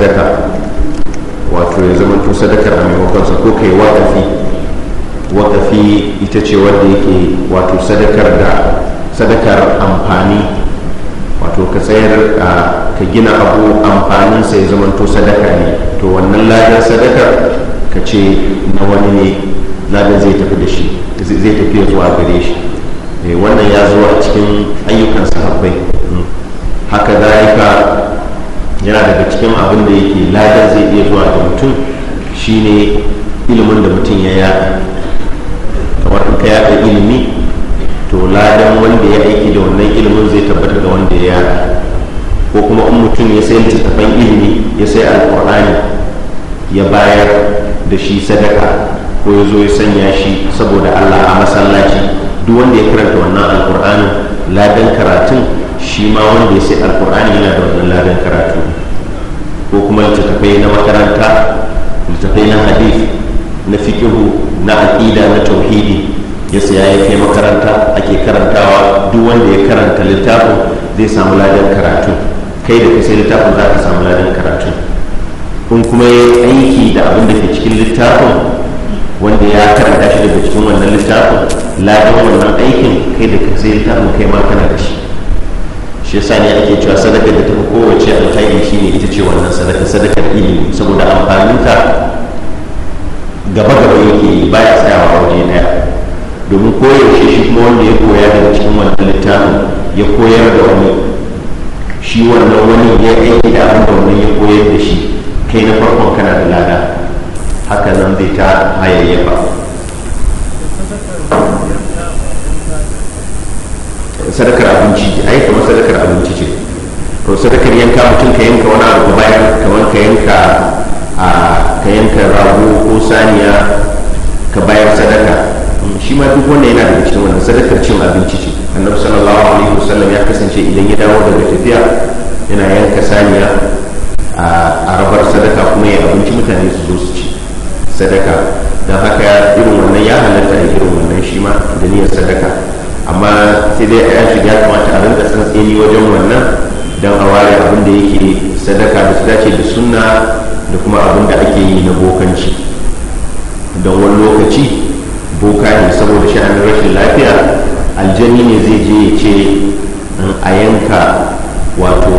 sadaka wato ya zama to sadakar a maimakonsa ko kai waƙafi waƙafi ita ce wanda yake wato sadakar da sadakar amfani wato ka tsayar ka gina abu amfaninsa ya zama to sadaka ne to wannan ladan sadakar ka ce na wani ne ladan zai tafi da shi zai tafi zuwa gare shi eh, wannan ya zo a cikin ayyukan sahabbai hmm. haka ka. yana daga cikin abin da yake ladar zai iya zuwa da mutum shine ilimin da mutum ya yaɗa kamar in ka yaɗa ilimi to ladan wanda ya aiki da wannan ilimin zai tabbata da wanda ya yaɗa ko kuma in mutum ya sai littattafan ilimi ya sai alkur'ani ya bayar da shi sadaka ko ya zo ya sanya shi saboda allah a masallaci duk wanda ya karanta wannan alkur'anin ladan karatun shi ma wanda ya sai alkur'ani yana da wannan ladan karatu ko kuma littattafai na makaranta littattafai na hadith na fikihu na aƙida na tauhidi ya saya ya kai makaranta ake karantawa duk wanda ya karanta littafin zai samu ladan karatu kai da ka littafin za ka samu ladan karatu in kuma ya aiki da abin da ke cikin littafin wanda ya karanta shi daga cikin wannan littafin ladan wannan aikin kai da ka sai littafin kai ma kana da shi shi yasa ne ake cewa sadakar da ta tafi kowace alkhairi ne ita ce wannan sadakar sadakar ilimi saboda amfanin ta gaba gaba yake ya tsayawa waje daya domin koyaushe shi kuma wanda ya koya daga cikin wannan littafin ya koyar da wani shi wannan wani ya aiki da abin da wani ya koyar da shi kai na farkon kana da lada haka nan zai ta hayayyafa sadakar abinci ai kamar sadakar abinci ce to sadakar yanka mutum ka yanka wani abu bayan kamar ka yanka a ka yanka rago ko saniya ka bayar sadaka mm, shi ma duk wanda yana daga cikin wannan sadakar cin abinci ce annabi sallallahu alaihi wasallam ya kasance idan ya dawo daga tafiya yana yanka saniya a rabar sadaka kuma ya abinci mutane su zo su ci sadaka don haka irin wannan ya halatta irin wannan shi ma da niyyar sadaka amma sai dai a ya kamata a rinka tsantseni wajen wannan don a ware abin da yake sadaka da su dace da sunna da kuma abin da ake yi na bokanci don wani lokaci boka ne saboda sha'anin rashin lafiya aljani ne zai je ya ce a yanka wato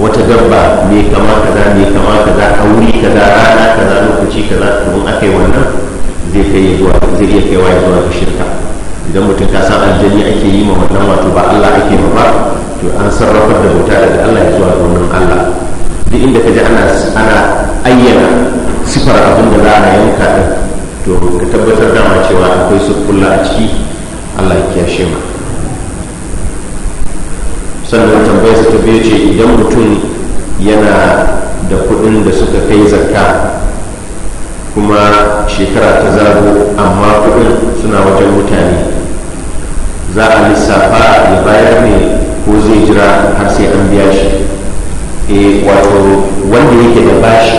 wata dabba mai kama kaza mai kama kaza a wuri kaza rana kaza lokaci kaza domin a kai wannan zai iya kaiwa zuwa ga shirka idan mutum ka san aljani ake yi ma wannan wato ba Allah ake ma ba to an sarrafa da wuta daga Allah ya zuwa domin Allah duk inda ka ji ana ana ayyana sifar abin da za a yanka din to ka tabbatar da cewa akwai su kullu a ciki Allah ya kiyashe ma sannan tambayar ta biyu ce idan mutum yana da kuɗin da suka kai zakka kuma shekara ta zaro amma kuɗin suna wajen mutane za a lissafa ya bayar ne ko zai jira har sai an biya shi e wato wanda yake da bashi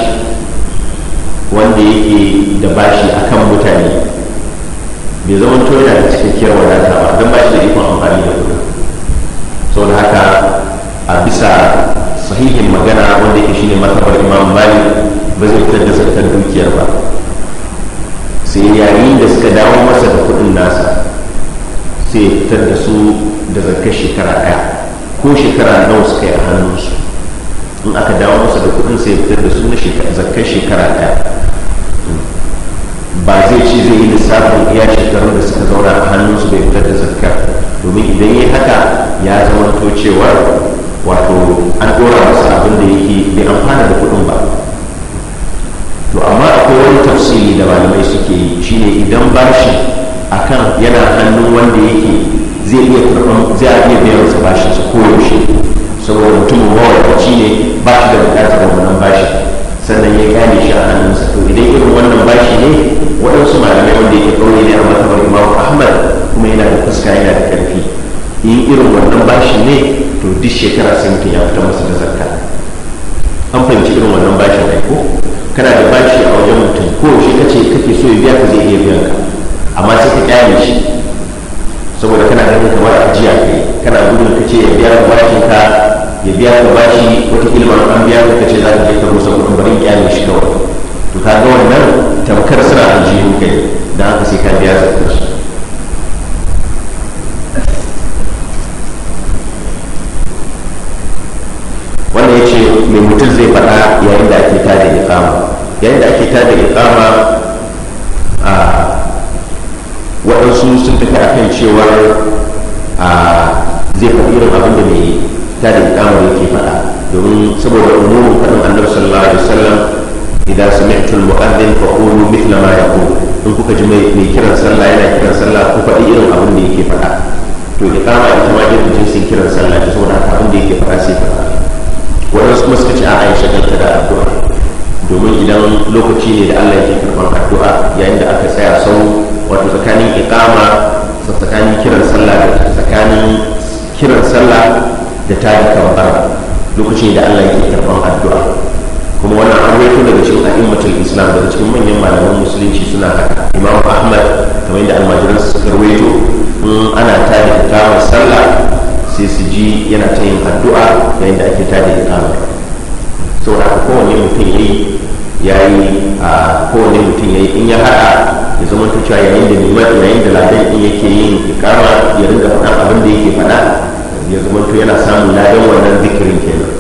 wanda yake da bashi akan mutane bai zama toya da cikakkiyar wadata ba don bashi da ikon amfani da kuɗi da haka a bisa sahihin magana wanda yake shine matabar imam malik ba zai fitar da zartar dukiyar ba sai yayin da suka dawo masa da kuɗin nasa sai fitar da su da zarkar shekara ɗaya ko shekara nawa suka yi a hannunsu in aka dawo masa da kuɗin sai ya fitar da su na zarkar shekara daya ba zai ci zai yi lissafin iya shekarun da suka zauna a hannunsu bai fitar da zakka domin idan ya haka ya zama to cewa wato an ɗora masa abin da yake bai amfana da kuɗin ba to amma akwai wani tafsiri da malamai suke yi shine idan bashi akan yana hannu wanda yake zai iya karɓar zai iya biyan sa bashi su koyaushe saboda mutumin ci ne ba shi da bukatar wannan bashi sannan ya gane shi a hannunsa to idan irin wannan bashi ne waɗansu malamai wanda yake ɗaure ne a matabar imamu ahmad kuma yana da fuska yana da ƙarfi in irin wannan bashi ne to duk shekara sai mutum ya fita masa da zakka an fahimci irin wannan bashin ne ko kana da bashi a wajen mutum ko shi kace kake so ya biya ka zai iya biyan ka amma sai ka kyale shi saboda kana ganin kamar ajiya ne kana gudun ka ce ya biya ka bashin ka ya biya ka bashi wata ilmar an biya ka ce za ka je ka rusa kuma bari kyale shi kawai to ka ga wannan tamkar suna aljihun kai da haka sai ka biya zaka shi wanda ya ce mai mutum zai faɗa yayin da ake tada iqama yayin da ake tada iqama ta cewa cewar zai faɗi irin abin da mai ta da yake faɗa domin saboda umurin faɗin annabi sallallahu alaihi wasallam idan sami'tul mu'adhdhin fa qulu mithla ma yaqul in kuka ji mai kiran sallah yana kiran sallah ku faɗi irin abin da yake faɗa to iqama ita ma irin jinsin kiran sallah ta saboda abin da yake faɗa sai faɗa waɗansu kuma suka ce a aisha ta da addu'a domin idan lokaci ne da Allah yake karɓar addu'a yayin da aka tsaya sau wato tsakanin ikama tsakanin kiran sallah da tsakanin kiran sallah da ta da kambara lokaci ne da Allah yake karɓar addu'a kuma wani an rawaito daga cikin a'immatul islam daga cikin manyan malaman musulunci suna haka imam ahmad kamar yadda almajiran suka rawaito in ana ta da iqamar sallah sai su ji yana ta yin addu'a yayin da ake ta da iqamar saboda haka kowanne mutum yi ya yi a kowane mutum ya yi in ya haɗa ya zama ta cewa yayin da liman yayin da ladan in yake yin kama ya ringa faɗa abin da yake faɗa ya zama to yana samun ladan wannan zikirin kenan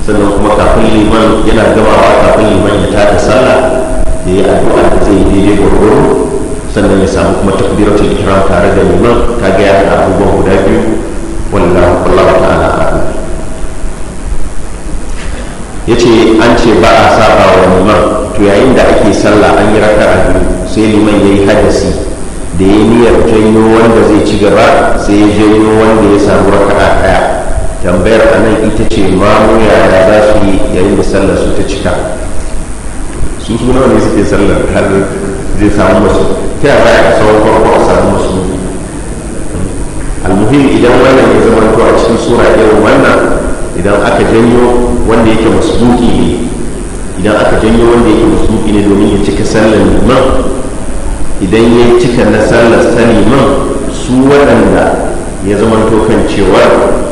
sannan kuma kafin liman yana gamawa kafin liman ya tada sallah ya yi addu'a da zai yi daidai gwargwaro sannan ya samu kuma takbiratul ihram tare da liman ta ya haɗa abubuwan guda biyu wallahu wallahu ta'ala ya ce an ce ba a saba wa liman to yayin da ake sallah an yi raka a biyu sai liman ya yi hadasi da ya niyyar janyo wanda zai ci gaba sai ya janyo wanda ya samu raka a tambayar a nan ita ce muya da za su yi yayin da sallah su ta cika su suna ne suke sallar har zai samu masu ta yaba ya a wani farko a samu masu almuhim idan wannan ya zama a cikin sura irin wannan idan aka janyo wanda yake masbuki ne idan aka janyo wanda yake masbuki ne domin ya cika sallar liman idan ya cika na sallar saliman su waɗanda ya zama kan cewa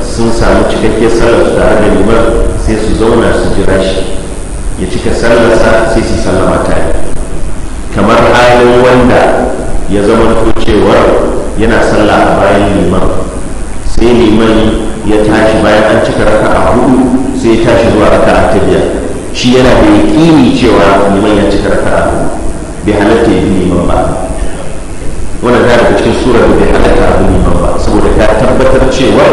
sun samu cikakken sallar su tare da liman sai su zauna su jira shi ya cika sallarsa sai su sallama tare kamar halin wanda ya zamanto cewa yana sallah bayan an cika raka a hudu sai ya tashi zuwa raka a biyar shi yana da yaƙini cewa liman ya cika raka a hudu bai halatta ya bi liman ba wannan ta daga cikin sura da bai halatta a bi liman ba saboda ta tabbatar cewa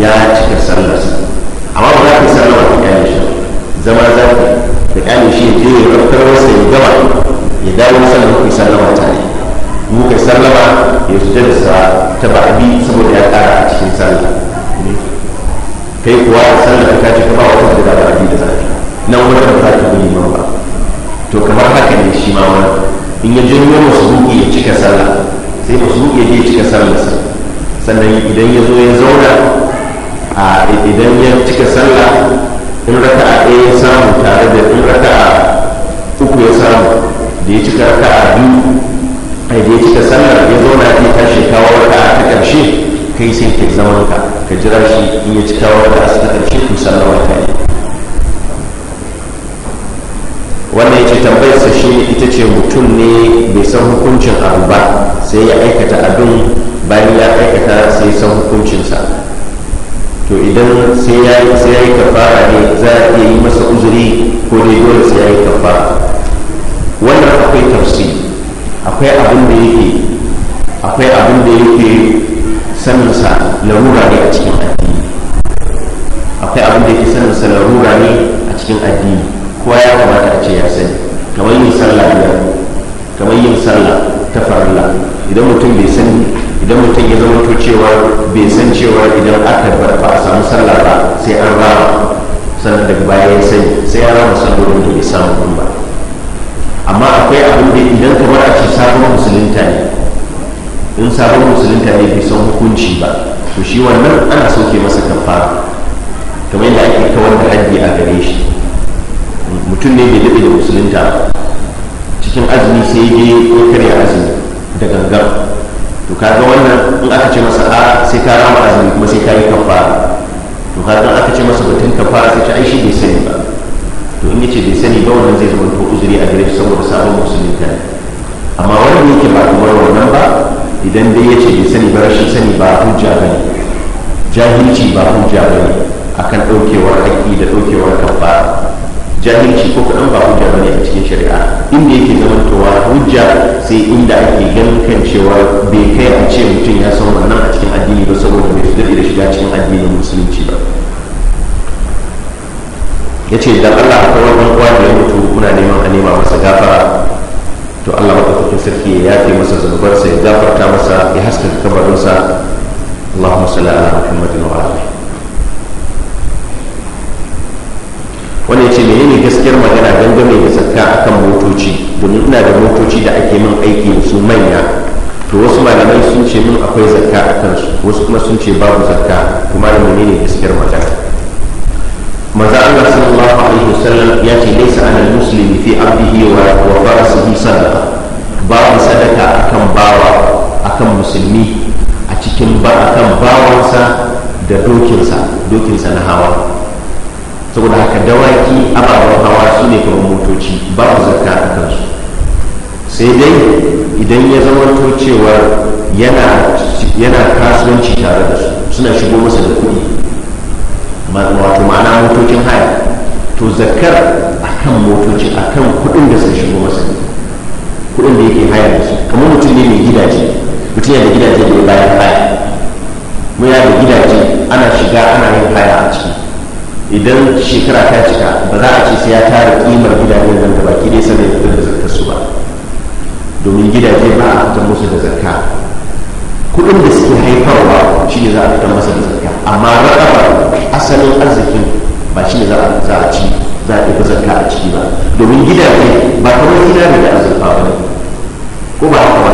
ya cika sallarsa amma ba za ka yi sallar ta kyale shi zama za ka da kyale shi ya je ya rafkar wasa ya gaba ya dawo sallar ku sallama tare muka sallama ya sujada sa ta ba'abi saboda ya kara a cikin sallar. kai kuwa da sallar ka ce ka ba wata da ba da zaki nan wani da ba ta yi ma ba to kamar haka ne shi ma wani in ya janyo masu ya cika sallah sai masu ya je cika sallarsa sannan idan ya zo ya zauna a idan ya cika sallah in raka a ɗaya ya samu tare da in raka a uku ya samu da ya cika raka a biyu a da ya cika sallar ya zauna ya tashi kawo raka a ta ƙarshe kai sai ke zaman ka ka jira shi in ya cika wata a ta ƙarshe ku na wata ne. wanda ya ce tambayarsa shi ita ce mutum ne bai san hukuncin abu ba sai ya aikata abin bayan ya aikata sai san hukuncinsa to idan sai ya yi kafara ne za a iya yi masa uzuri ko dai dole sai ya yi kafara wannan akwai tafsi akwai abin da yake akwai abin da yake saninsa larura ne a cikin addini akwai abin da ke saninsa larura ne a cikin addini kowa ya kamata a ce ya sani kamar yin sallah biyar kamar yin sallah ta farla idan mutum bai sani idan mutum ya zama to cewa bai san cewa idan aka ba a samu sallah ba sai an rama sannan daga baya ya sani sai ya rama sallolin da bai samu ba amma akwai abin da idan kamar a ce sabon musulunta ne in sabon musulunta ne bai san hukunci ba to shi wannan ana soke masa kafara kamar yadda ake kawar da hajji a gare shi mutum ne bai daɗe da musulunta cikin azumi sai ya karya azumi da gangan to kaga wannan in aka ce masa a sai ka rama azumi kuma sai ka yi kafara to kaga aka ce masa batun kafara sai ta aishi bai sani ba to in yace bai sani ba wannan zai zama to uzuri a gare shi saboda sabon musulunta ne amma ne yake ba kamar wannan ba idan dai ya ce bai sani ba rashin sani ba hujja ba ne jahilci ba hujja ba ne akan ɗaukewar haƙƙi da ɗaukewar kafa jahilci ko kaɗan ba hujja ba ne a cikin shari'a inda yake zamantowa hujja sai inda ake ganin kan cewa bai kai a ce mutum ya san wannan a cikin addini ba saboda bai daɗe da shiga cikin addinin musulunci ba ya ce da allah akwai wani da ya mutu muna neman a nema masa gafara to Allah madaukakin sarki ya yafe masa zunubarsa ya gafarta masa ya haskaka kabarinsa Allahumma salli ala Muhammadin wa ala wani ya ce menene gaskiyar magana dangane da zakka akan motoci domin ina da motoci da ake min aiki su manya to wasu malamai sun ce min akwai zakka a kansu wasu kuma sun ce babu zakka kuma da menene gaskiyar magana maza Allah sallallahu alaihi wasallam ya ce laysa ala muslimi fi abdihi wa farasihi sadaqa babu sadaka akan bawa akan musulmi a cikin ba akan bawansa da dokinsa dokinsa na hawa saboda haka dawaki ababen hawa su ne kamar motoci babu zakka a kansu sai dai idan ya zama cewa yana kasuwanci tare da su suna shigo masa da kuɗi wato ma'ana motocin haya to zakar a kan motoci a kan kudin da sun shigo masa kudin da yake haya da su kamar mutum ne mai gidaje mutum yana da gidaje da ya bayar haya mu ya da gidaje ana shiga ana yin haya a ciki idan shekara ta cika ba za a ce sai ya tara kimar gidajen nan da baki dai sanin kudin da zakar su ba domin gidaje ba a fitar musu da zakka kudin da suke haifarwa shi ne za a fitar masa da zakka amma raɗaɓa asalin arzikin ba shi ne za a ci za a fi zakka a ciki ba domin gidaje ba kamar zinare da azurfa ba ne ko ba haka ba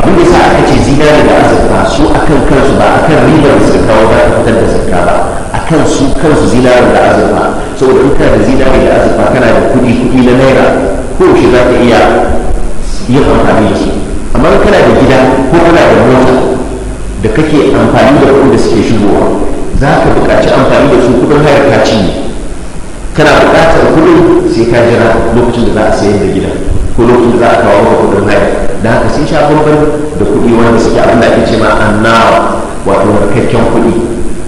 abin da sa aka ce zinari da azurfa su akan kansu ba kan ribar da suka kawo za a fitar da zakka ba akan su kansu zinari da azurfa saboda in kana da zinari da azurfa kana da kuɗi kuɗi na naira ko shi za ka iya yin amfani da su amma kana da gida ko kana da mota da kake amfani da kudin da suke shigowa za ka buƙaci amfani da su kudin hayar kaci ne kana buƙatar kudin sai ka jira lokacin da za a sayar da gida ko lokacin da za a kawo maka kudin hayar da haka sun sha bambam da kuɗi wanda suke abin da ake ce ma annawa wato markakken kuɗi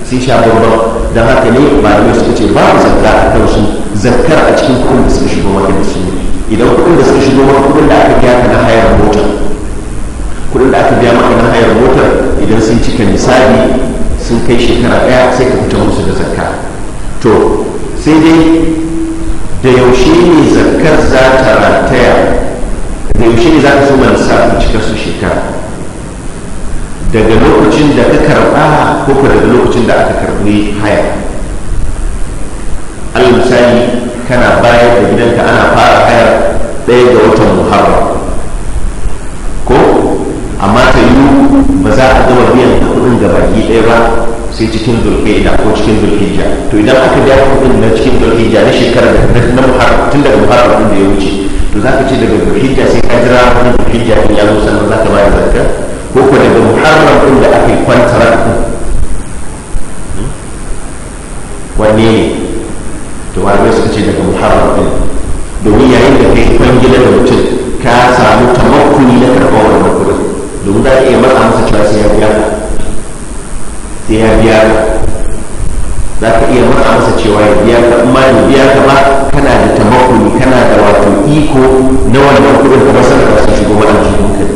sun sha bambam don haka ne malamai suka ce ba zakka a kan su zakkar a cikin kudin da suka shigo maka da su idan kudin da suka shigo maka kuɗin da aka gyara na hayar mota kudin da aka biya maka na hayar motar idan sun cika misali sun kai shekara daya sai ka fita musu da zakka to sai dai da yaushe ne zakkar za ta rataya da yaushe ne za ta zo mana sa cika su shekara daga lokacin da ka karba ko ko daga lokacin da aka karɓi haya alal misali kana bayar da gidanka ana fara hayar ɗaya ga watan muharram ba za a zama biyan kuɗin da baki ɗaya ba sai cikin zulhijja ko cikin zulhijja to idan aka biya kuɗin na cikin zulhijja na shekarar da na muharram tun daga abin da ya wuce to za ka ce daga zulhijja sai ka jira wani zulhijja in ya zo sannan za ka ba da zarka ko ko daga muharram abin da aka yi kwantara ɗin wanne ne to wani suka ce daga muharram abin domin yayin da kai kwangila da mutum ka samu tamakuni na karɓar wannan kuɗin domin za a iya matsa masa cewa sai ya biya ka sai ya biya ka za ka iya matsa masa cewa ya biya ka amma ya biya ka ba kana da tamakuni kana da wato iko na wannan kudin kuma sanar da su shigo mana cikin kai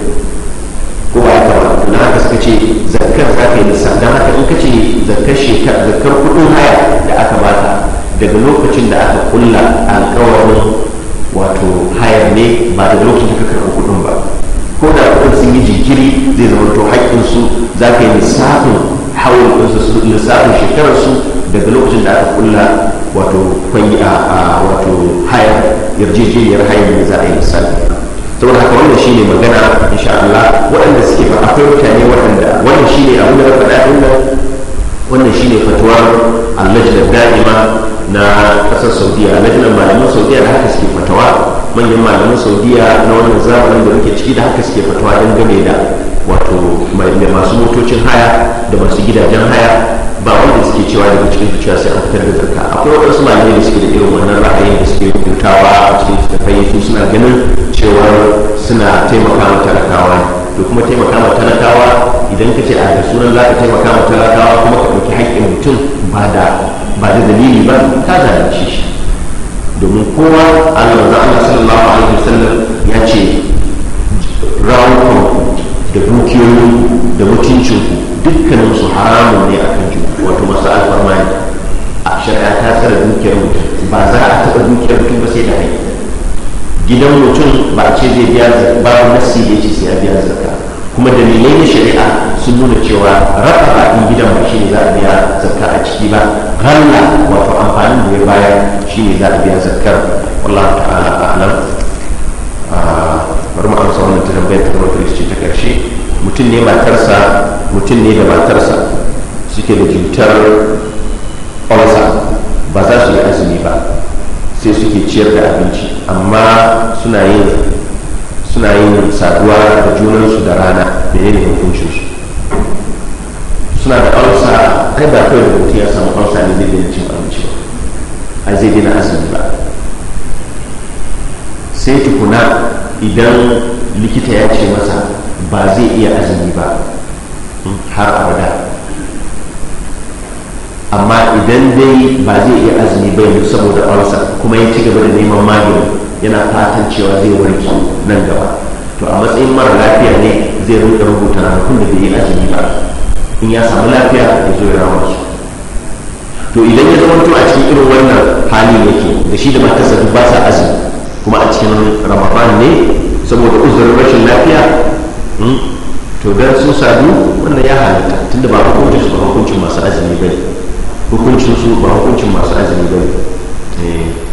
ko ba ka ba na haka suka ce zakkar za ka yi nisa don haka in ka ce zakkar shekar zakkar kudin haya da aka ba ta daga lokacin da aka kulla alkawarin wato hayar ne ba daga lokacin da ka karɓi kudin ba ko da kun sun yi jinkiri zai zama to haƙƙinsu za ka yi lissafin hawan su lissafin shekararsu daga lokacin da aka kulla wato kwayi a wato hayar yarjejeniyar hayar ne za a yi lissafi saboda haka wannan shine magana insha Allah waɗanda suke ba akwai mutane waɗanda wannan shine abin da faɗa ɗin nan wannan shine fatuwa Allah da da'ima na ƙasar Saudiya da malaman Saudiya da haka suke fatawa manyan malaman saudiya na wannan zamanin da muke ciki da haka suke fatawa dangane da wato masu motocin haya da masu gidajen haya ba wanda suke cewa daga cikin fitowa sai an fitar da zarka akwai waɗansu malamai da suke da irin wannan ra'ayin da suke rubutawa a cikin littattafai su suna ganin cewa suna taimaka wa talakawa to kuma taimaka wa talakawa idan ka ce a da sunan za ka taimaka wa talakawa kuma ka ɗauki haƙƙin mutum ba da dalili ba ka zalunce shi domin kowa allah Allah sallallahu alaihi wasallam ya ce rawukan da dukiyoyin da mutuncin dukkanin su haramun ne a kan juna wato masu alfarma ne a shari'a ta tsara dukiyar mutum ba za a taɓa dukiyar mutum ba sai da haini gidan mutum ba a ce zai biya ba nasi ya ce sai ya biya zarka kuma dalilai na shari'a sun nuna cewa rafa ba in gidan ba shi ne za a biya zakka a ciki ba ralla wato amfanin da ya baya shi ne za a biya zakkar wallahu ta'ala a'lam ah, bari mu amsa wannan tambayar ta kuma kiristi ta karshe mutum ne matarsa mutum ne da matarsa suke da jintar olsa ba za su yi azumi ba sai suke ciyar da abinci amma suna yin suna yin saduwa da junansu da rana da menene hukuncin su suna da ulsa kai ba kai rubutu ya samu ulsa ne zai gina cin abinci ba ai zai gina azumi ba sai tukuna idan likita ya ce masa ba zai iya azumi ba hmm, har abada amma idan dai ba zai iya azumi ba yanzu saboda ulsa kuma ya ci gaba da neman magani yana fatan cewa zai warke nan gaba to a matsayin mara lafiya ne zai rubuta rubuta ranakun da bai yi azumi ba in ya samu lafiya ya zo ya rawar su to idan ya zama a cikin irin wannan hali yake da shi da matarsa duk ba sa azumi kuma a cikin ramadan ne saboda uzurin rashin lafiya hmm, to dan sun sadu wannan ya halatta tunda ba hukuncin su ba hukuncin masu azumi ne hukuncin su ba hukuncin masu azumi ba ne eh.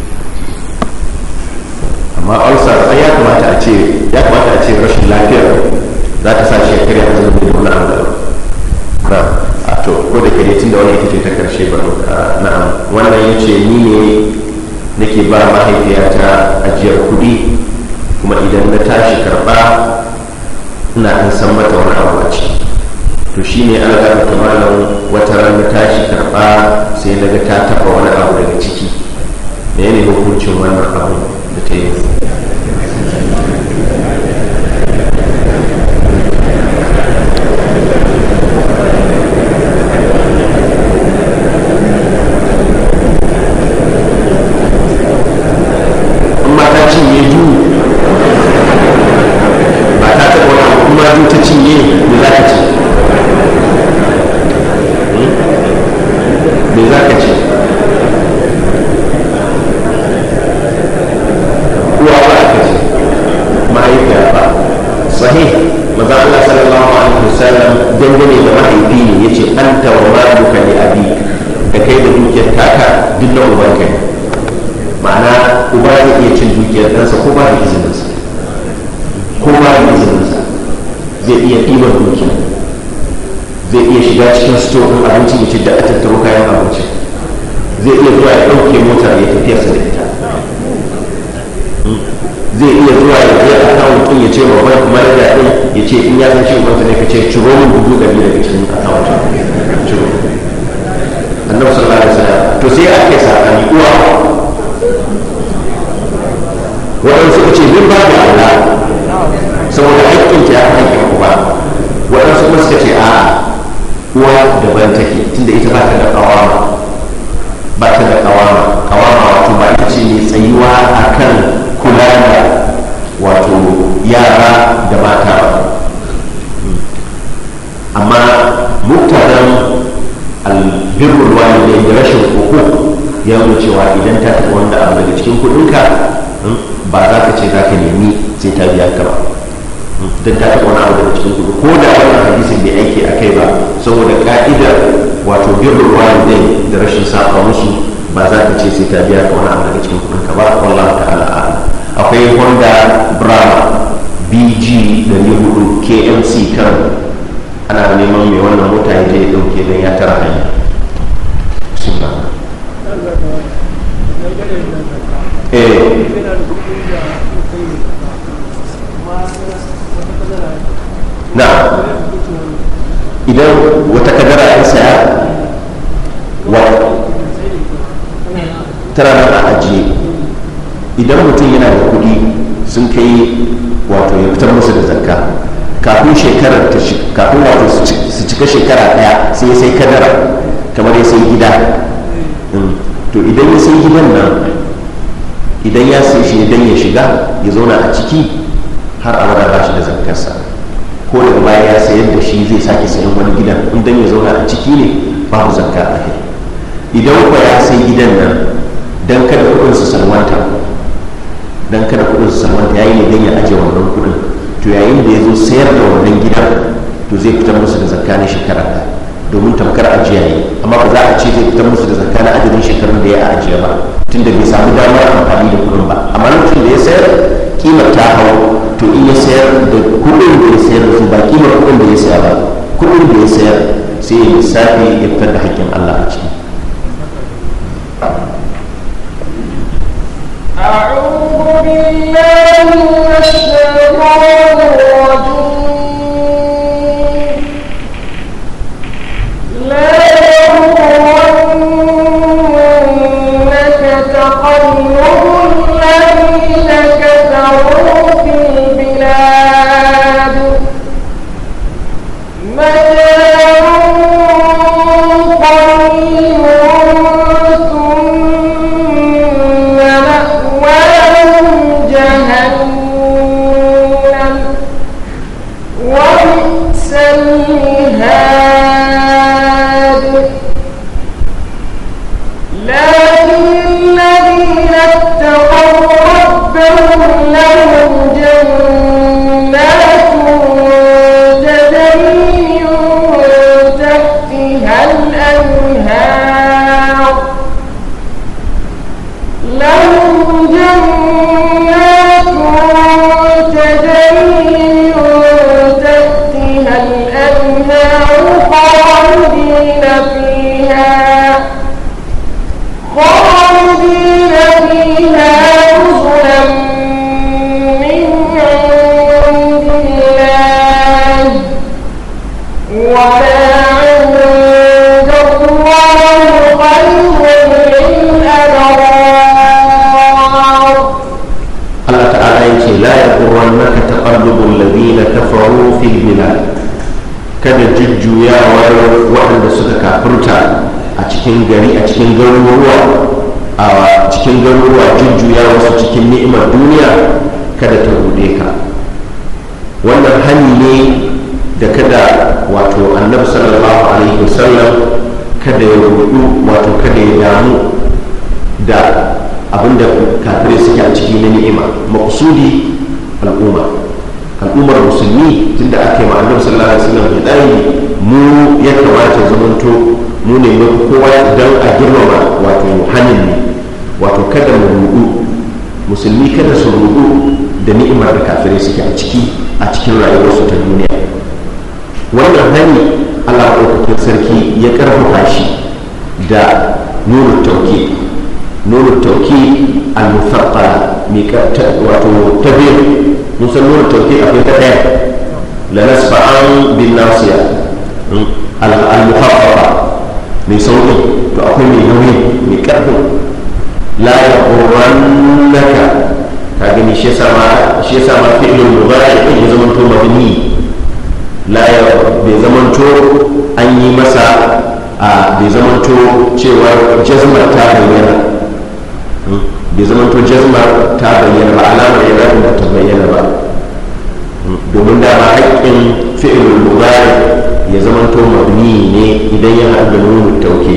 amma ulcer ai ya kamata a ce ya kamata a ce rashin lafiyar za ta sa shi ya karya azumi da wani abu a to ko da kare tun da wani ita ce ta karshe ba na'am wannan ya ce ni ne nake ba mahaifiyata ajiyar kuɗi kuma idan na tashi karɓa ina an san mata wani abu a ciki to shi ne ana gaba ta malam wata ran na tashi karɓa sai na ga ta taɓa wani abu daga ciki me ne hukuncin wannan abu Peace. daya sai ya sai kadara kamar ya sai gida mm. to idan ya sai gidan nan idan ya sai shi idan ya shiga ya zauna a ciki har abada ba shi da zankarsa ko da baya ya sayar da shi zai sake sayan wani gidan idan ya zauna a ciki ne babu zakka a kai idan kwa ya sai gidan nan dan kada kudin su salwanta dan kada kudin su salwanta yayi ne dan ya aje wannan kudin to yayin da ya zo sayar da wannan gidan to zai fitar musu da zakka na shekara domin tamkar ajiya ne amma ba za a ce zai fitar musu da zakka na adadin shekarun da ya ajiya ba tun da bai samu damar amfani da kuɗin ba amma lokacin da ya sayar kimar ta hau to in ya sayar da kuɗin da ya sayar da su ba kimar kuɗin da ya sayar ba kuɗin da ya sayar sai ya lissafi ya fitar da haƙƙin Allah a ciki. أعوذ بالله من الشيطان الرجيم Oh, kada jujjuyawar waɗanda suka kafurta a cikin gari a cikin garuruwa a cikin garuruwa jujjuyawa su cikin ni'imar duniya kada ta rude ka wannan hanyi ne da kada wato annabi sallallahu alaihi wasallam kada ya rudu wato kada ya damu da abinda kafirai suke a ciki na ni'ima maƙusudi al'umma al'ummar musulmi tunda ake ma annabi sallallahu alaihi wasallam dai mu ya kamata zamanto mu ne mu kowa dan a girmama wato yohanin ne wato kada mu rubu musulmi kada su rubu da ni'imar da kafirai suke a ciki a cikin rayuwarsu ta duniya wannan hani Allah ɗaukakin sarki ya karfafa shi da nuru tauki nuru tauki al wato ta biyu musan nuna a akwai ta da la nasfa'an bin nasiya al-mukhaffafa mai sauƙi to akwai mai nauyi mai ƙarfin la ya ƙorannaka ta gani shi yasa ma shi yasa ma fi'lul mudari din ya zama to mabni la ya bai zama to an yi masa a bai zama to cewa jazmar ta bayyana bai zama to jazma ta bayyana ba alama ya da ta bayyana ba domin da ba haƙƙin fi'ilul mudari ya zama to mabni ne idan ya da nuna tauke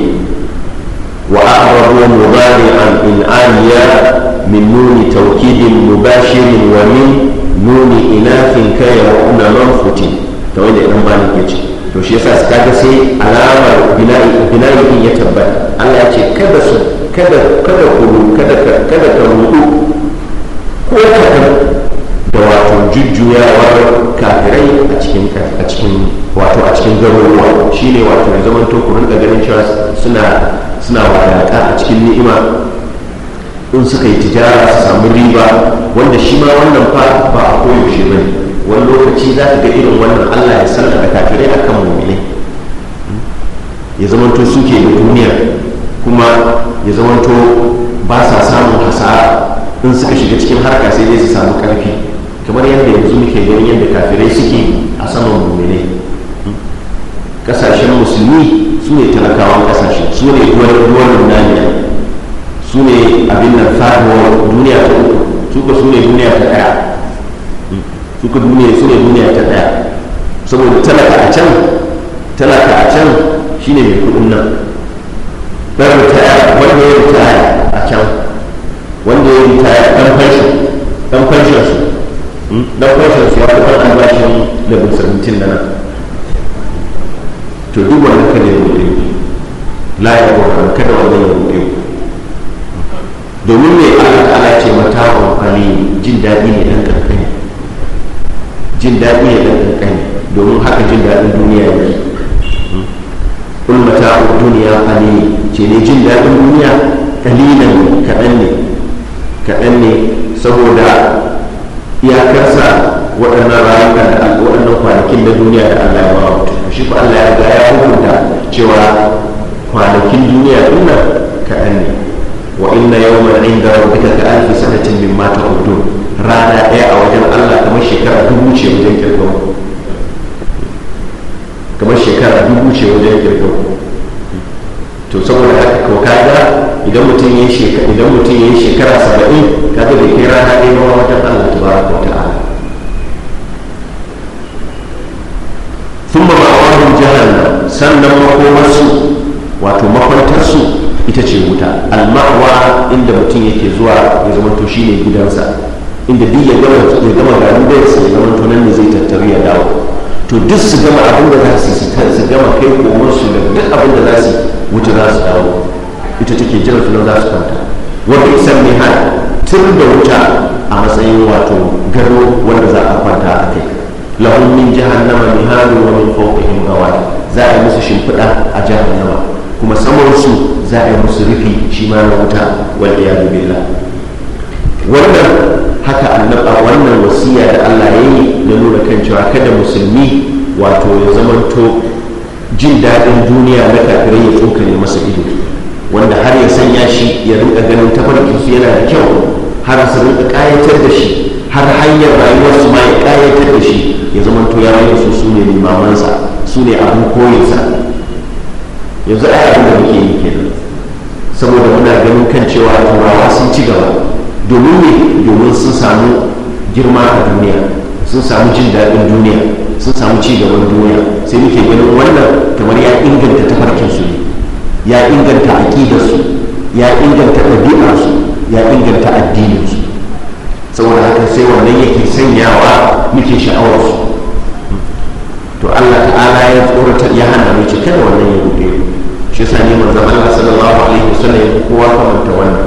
wa aqrabu an in aniya min nuni tawkidin mubashirin wa min nuni inafin kai wa man manfutin ta wanda idan ba ne ce to shi yasa kaga sai alamar bina'i ya tabbata Allah ya ce kada su kada kada kada kada ka rudu ko kada da wato jujjuyawar kafirai a cikin a cikin wato a cikin garuruwa shine wato ya zama to ku rinka ganin cewa suna suna wadaka a cikin ni'ima in suka yi tijara su samu riba wanda shi ma wannan fa ba a koyaushe ba ne wani lokaci za ka ga irin wannan allah ya sanar da kafirai a kan mummune ya zama to suke da duniya kuma ya zamanto ba sa samun hasara in suka shiga cikin harka sai dai su samu karfi kamar yadda yanzu muke ganin yadda kafirai suke a saman mummune kasashen musulmi su ne talakawan kasashe su ne ruwan daniya su ne abin da fahimuwar duniya ta uku su ka su ne duniya ta daya su ka duniya su ne duniya ta daya saboda talaka a can talaka a can shine mai kudin nan na ritaya wanda ya ritaya a can wanda ya ritaya dan fanshin dan hmm? fanshin su dan fanshin su ya fi kan albashin level 17 na nan to duk wanda kada ya rubuɗe la ya kada wanda ya rubuɗe domin mai Allah ta'ala ce mata wa jin daɗi ne dan kankani jin daɗi ne dan kankani domin haka jin daɗin duniya ne kun hmm? mata duniya kali ce ne jin daɗin duniya kalilan kaɗan ne kaɗan ne saboda iyakarsa waɗannan rayuka da waɗannan kwanakin na duniya da allah ya bawa mutum shi ko allah ya ga ya hukunta cewa kwanakin duniya ɗin nan kaɗan ne wa inna yawman inda rabbika ka alfi sanatin mimma ta'udun rana ɗaya a wajen allah kamar shekara dubu ce wajen kirkon kamar shekara dubu ce wajen kirkon to saboda haka ko kaga idan mutum ya shekara idan mutum ya shekara 70 kaga bai kira na dai ba wata Allah tabaraka wa ta'ala thumma ma'awahum jahannam sannan makomarsu wato su ita ce wuta almawa inda mutum yake zuwa ya zama to shine gidansa inda duk ya gama ya gama garin sai ya zama to nan ne zai tattaru ya dawo to duk su gama abin da za su su gama kai komar su da duk abin da za su wuce za su dawo ita take jiran su za su kwanta wanda isan mai har tun da wuta a matsayin wato gado wanda za a kwanta a kai lahun min jahannama mihalu wa wani fawqihim gawa za a yi musu shimfiɗa a jihar nama kuma samansu za a yi musu rufi shi ma na wuta wal iyadu billah wannan haka annaba wannan wasiya da Allah ya yi na nuna kan cewa kada musulmi wato ya zamanto jin daɗin duniya na kafirai ya tsokane masa ido wanda har ya sanya shi ya rinka ganin su yana da kyau har su rinka ƙayatar da shi har hanyar rayuwarsu ma ya ƙayatar da shi ya zama to ya rinka su su ne limamansa su ne abin koyinsa yanzu a abin da muke yi kenan saboda muna ganin kan cewa turawa sun ci gaba domin ne domin sun samu girma a duniya sun samu jin daɗin duniya sun samu ci gaban duniya sai muke ganin wannan kamar ya inganta tafarkin su ne ya inganta su ya inganta su ya inganta addininsu saboda haka sai wannan yake sanyawa muke sha'awarsu to allah ta'ala ya tsorata ya hana mu ce kada wannan ya buɗe shi yasa ne manzo Allah sallallahu alaihi wasallam ya kowa manta wannan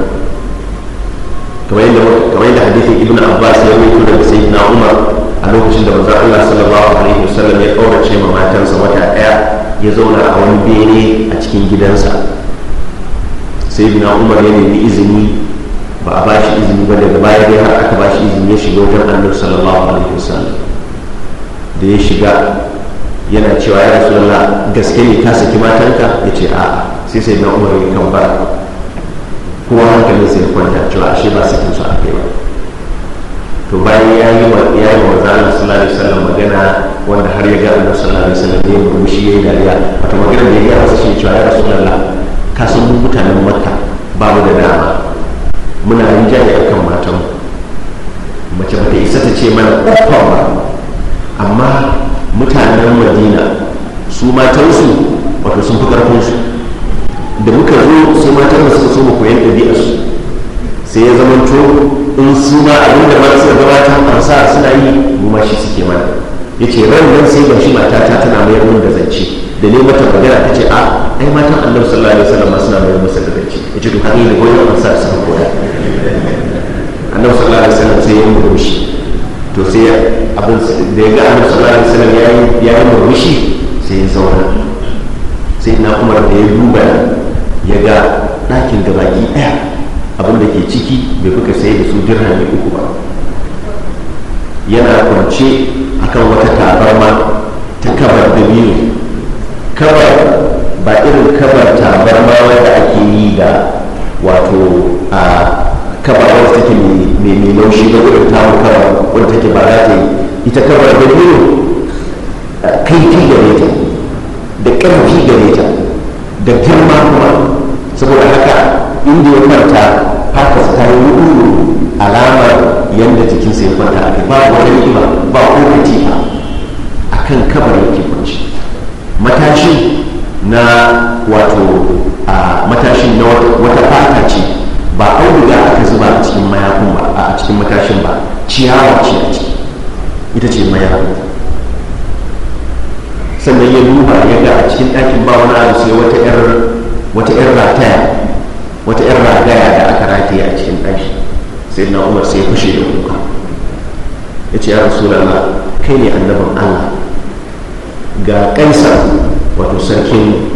kamar yadda kamar yadda hadisin ibnu abbas ya rawaito daga sayyidina umar a lokacin da maza Allah sallallahu alaihi wasallam ya ce ma matansa wata daya ya zauna a wani bene a cikin gidansa sai bina umar ya nemi izini ba a bashi izini ba daga baya dai har aka bashi izini ya shiga wajen annabi sallallahu alaihi wasallam da ya shiga yana cewa ya rasulullah gaske ne ka saki matanka ya ce a'a sai sai bin umar ya kan kuma kowa hankalin sai kwanta cewa ashe ba sakin su a kai ba to bayan ya yi wa ya yi wa Allah sallallahu alaihi wasallam magana wanda har ya ga Allah sallallahu alaihi wasallam ya murmushi ya yi dariya wato magana da ya wasu shi cewa ya rasulullah ka san mu mutanen makka babu da dama muna yin jaye akan matan mace ba ta isa ta ce mana ƙofar ba amma mutanen madina su matansu wato sun fi ƙarfinsu da muka zo su matan su so mu koyan ɗabi'arsu sai ya zama to in su ma abin da ba su suka gabata amsa suna yi mu ma shi suke mana ya ce ran nan sai ga shi mata ta tana mai ruwan da zance da ne mata magana ta ce a ah, ai matan allah sallallahu alaihi wasallam suna mai musu da zance ya ce to har da goyon amsa suka koya annabi sallallahu alaihi wasallam sai ya murmushi to sai abin da ya ga annabi sallallahu alaihi wasallam ya yi murmushi sai ya zauna sai na kuma da ya duba ya ga ɗakin gabaki ɗaya abin da ke ciki bai fi sai da su ne uku ba yana kwance kan wata tabarma ta kabar da biyu kabar ba irin kabar tabarma wanda ake yi da wato a kabar wanda take mai laushi ga wurin tawon kabar wanda take ba za ta yi ita kabar da biyu kaifi gare ta da ƙarfi gare ta da girma kuma saboda haka inda ya kwanta haka ta yi wuɗu alamar yadda jikinsa ya kwanta a kai ba wani ni'ima ba ko katifa a kan kabar yake kwanci matashi na wato a matashin na wata fata ce ba auduga aka zuba a cikin mayakun ba a cikin matashin ba ciyawa ce a ciki ita ce mayakun sannan ya duba yadda a cikin ɗakin ba wani abu sai wata 'yar rataya wata yar ragaya da aka rataye a cikin ɗaki sai na umar sai kushe da kuka ya ce ya rasulallah kai ne annabin allah ga kaisa wato sarkin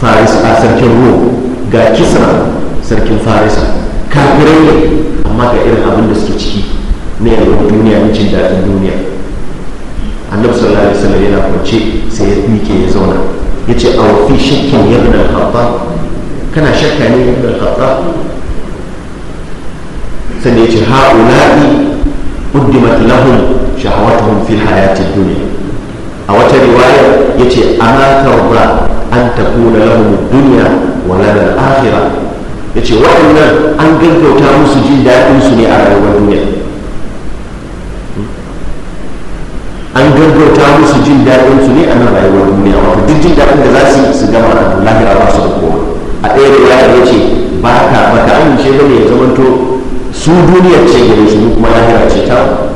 farisa a sarkin ruwa ga kisra sarkin farisa kafirai ne amma ga irin abin da suke ciki na yalwar duniya na jin daɗin duniya annabi sallallahu alaihi wasallam yana kwance sai ya ke ya zauna ya ce a wafi shakkin yabna habba kana shakka ne ibn al-khattab sai ya ce ha ulai quddimat lahum shahawatuhum fi hayati dunya a wata riwaya yace ana tarda an takuna lahum dunya wa la al-akhirah yace waɗannan an gaggauta musu jin dadin su ne a rayuwar dunya an gaggauta musu jin dadin su ne a rayuwar dunya wato duk jin dadin da za su yi su gama lahira ba su da koma a ɗaya da ya ya ce ba ka ba ka amince ba ne ya zamanto su duniya ce gare su kuma lahira ce ta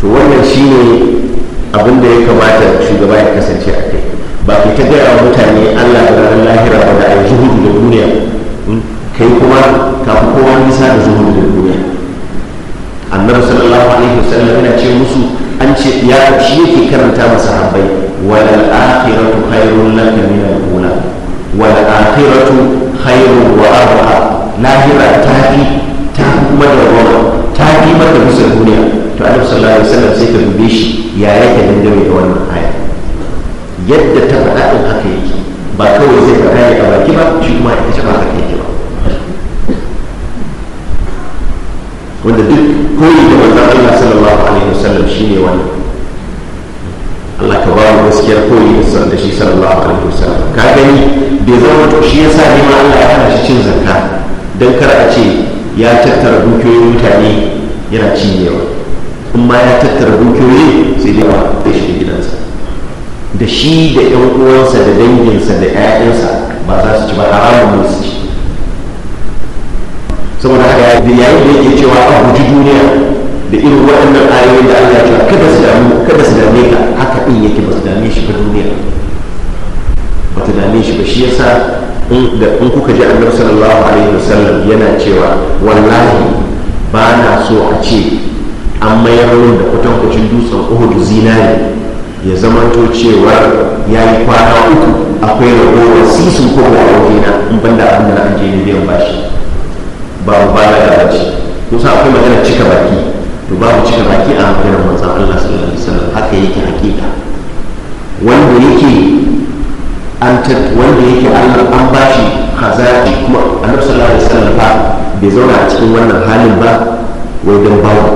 to wannan shine abin da ya kamata shugaba ya kasance a kai ba ki ta gaya mutane allah da ranar lahira ba da a yi zuhudu da duniya hmm? kai kuma kafin kowa nisa da zuhudu da duniya annabi sallallahu alaihi wasallam yana ce musu an ce ya shi yake karanta masa habai wadda akhiratu khairun na min al wadda wal akhiratu khairun wa abqa lahira ta fi ta kuma da ruwa ta fi mata musa duniya to an sallallahu alaihi wasallam sai ka dube shi ya ka dangane da wannan aya yadda ta faɗa haka yake ba kawai zai faɗa ne a baki ba shi kuma ita ce ba haka yake ba wanda duk koyi da manzon Allah sallallahu alaihi wasallam ne wani Allah ka ba mu gaskiyar koyi da shi sallallahu alaihi wasallam ka gani bai zama to shi yasa ne ma Allah ya hana shi cin zakka dan kar a ce ya tattara dukiyoyin mutane yana cinyewa in ma ya tattara dukiyoyi sai dai ba zai shiga gidansa da shi da 'yan uwansa da danginsa da 'ya'yansa ba za su ci ba haramun ne su ci saboda haka ya yi yayin da yake cewa a guji duniya da irin waɗannan ayoyin da Allah ya ce kada su damu kada su dame ka haka din yake ba su dame shi ba duniya ba ta dame shi ba shi yasa in kuka ji annabi sallallahu alaihi wasallam yana cewa wallahi ba na so a ce an mayar min da kwatankwacin dutsen uhudu zinari ya zamanto cewa ya yi kwana uku akwai ragowar sisin ko a wajena in banda abin da na ajiye ne biyan bashi ba mu ba da ce musa akwai magana cika baki to babu cika baki a maganar manzan Allah sallallahu alaihi wasallam haka yake hakika wanda yake an wanda yake Allah an bashi hazaki kuma annabi sallallahu alaihi wasallam ba bai zauna a cikin wannan halin ba wai don babu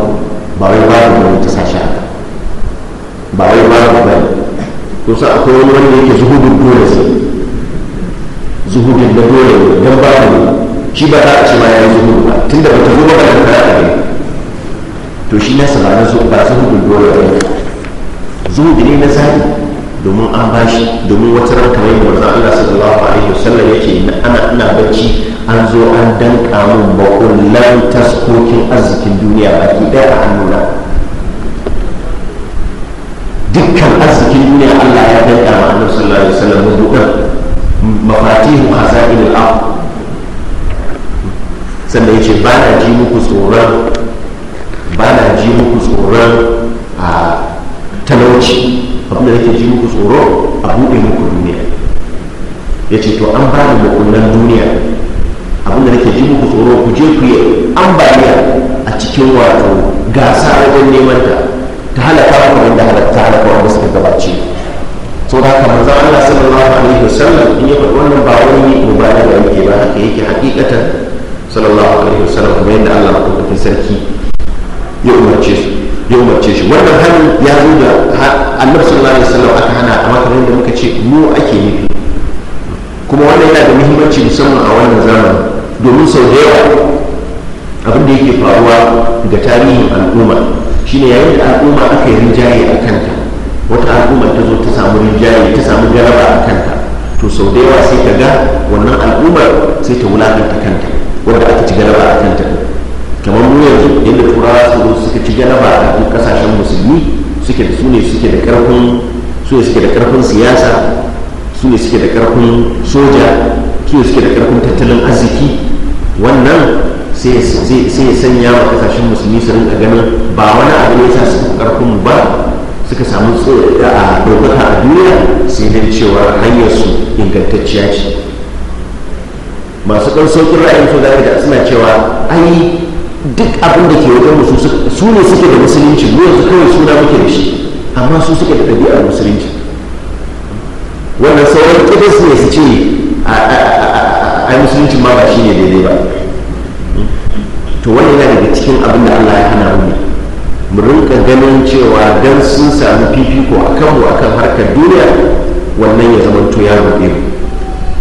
ba wai babu ne ta sashi haka ba wai babu ba to kusa akwai wani wanda yake zuhudin dole sai zuhudin da dole don babu ne shi ba za a ce ma ya yi zuhudu ba tun da bata zuwa da kuma ya to shi nasa ba na zuhudu ba hudu dole ba ne da ne na zaɓi domin an ba shi domin wata ran kamar yadda manzon Allah sallallahu alaihi wasallam yake ana ina bacci an zo an danka min bakullan taskokin arzikin duniya baki ɗaya a hannuna dukkan arzikin duniya Allah ya danka ma annabi sallallahu alaihi wasallam mafatihul hazainul ardh sannan ya ce ba na ji muku tsoron ba na ji muku tsoron a talauci abinda ke ji muku tsoro a buɗe muku duniya ya ce to an ba da makullan duniya abinda ke ji muku tsoro ku je ku yi ambaliya a cikin wato gasa wajen neman ta ta halaka ku wanda ta halaka wanda suka gabace sau da lasa da Allah a alaihi wasallam in ya faɗi wannan ba wani da yake ba haka yake hakikatan sallallahu alaihi wasallam kuma yadda Allah madaukakin sarki ya umarce su ya umarce shi wannan hannu ya zo da annabi sallallahu alaihi wasallam aka hana amma kamar yadda muka ce mu ake nufi kuma wannan yana da muhimmanci musamman a wannan zamani domin sau da yawa abin da yake faruwa ga tarihin al'umma shine yayin da al'umma aka yi rinjaye a kanta wata al'umma ta zo ta samu rinjaye ta samu jaraba a kanta to sau da yawa sai ka ga wannan al'ummar sai ta wulakanta kanta wanda aka ci galaba a kanta kamar mu yanzu yadda turawa su suka ci galaba a kan kasashen musulmi suke da su ne suke da karfin su ne suke da karfin siyasa su ne suke da karfin soja su ne suke da karfin tattalin arziki wannan sai ya sanya wa kasashen musulmi su rinka ganin ba wani abu ne sa su karfin ba suka samu a ɗaukaka a duniya sai dai cewa hanyar su ingantacciya ce masu ɗan saukin ra'ayin su zai da suna cewa ai duk abin da ke wajen musu su ne suke da musulunci mu yanzu kawai suna muke da shi amma su suke da ɗabi'ar musulunci wannan sauran kidas ne su ce a musulunci ma ba shi ne daidai ba to wani yana daga cikin abin da allah ya hana mu mu rinka ganin cewa dan sun samu fifiko a kanmu a kan harkar duniya wannan ya zama to ya rufe mu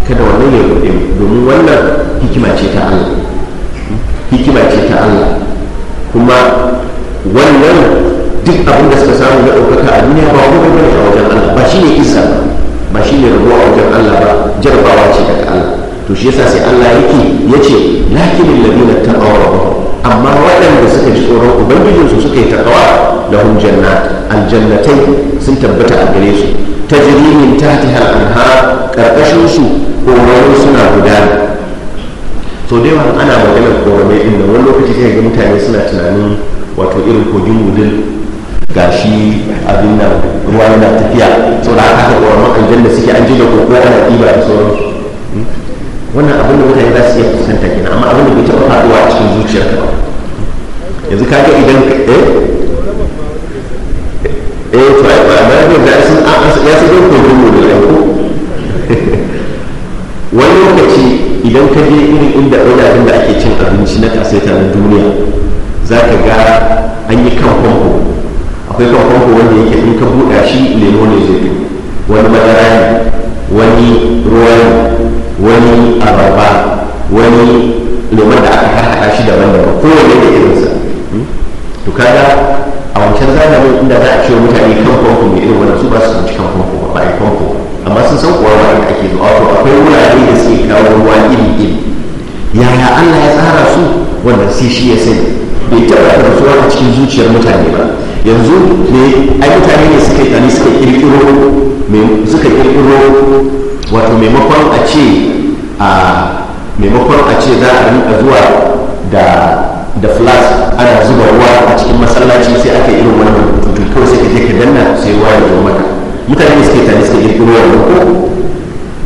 kada wannan ya rufe domin wannan hikima ce ta Allah hikima ce ta Allah kuma wannan duk abin da suka samu na ɗaukaka a duniya ba wani bane a wajen Allah ba shi ne isa ba shi ne rabuwa a wajen Allah ba jarabawa ce daga Allah to shi yasa sai Allah yake lakinin lakin ta taqaw amma waɗanda suka ji tsoron ubangijinsu suka yi takawa da hun aljannatai sun tabbata a gare su ta jirimin ta ta anha su. koramai suna guda to da yawa ana maganar koramai inda wani lokaci sai ga mutane suna tunanin wato irin kogin wudil gashi abin da ruwa na tafiya da aka haka haka koramai aljanna suke an ji da koko ana ɗiba da sauran wannan abin da mutane za su iya fuskanta kenan amma abin da bai taɓa faruwa a cikin zuciyarka yanzu kaga idan eh eh to ai ba da sun an ya sai ko ko ko wani lokaci idan ka je irin inda wajajen da ake cin abinci na kasaita na duniya za ka ga an yi kan famfo akwai kan famfo wanda yake in ka buɗa shi lemo ne zai wani madara ne wani ruwa ne wani abarba wani lemon da aka haɗa shi daban-daban kowane da irinsa hmm? to kaga a wancan zamanin inda za a ciwo mutane kan famfo mai irin wannan su ba su akwai wurare da suke kawo ruwa iri iri yaya allah ya tsara su wanda sai shi ya sani bai taɓa karsuwa a cikin zuciyar mutane ba yanzu ne ai mutane ne suka tani suka kirkiro suka kirkiro wato maimakon a ce a maimakon a ce za a rinka zuwa da da flask ana zuba ruwa a cikin masallaci sai aka yi irin wannan rubutun kawai sai ka je ka danna sai ruwa ya zo maka mutane ne suke tani suka kirkiro wannan ko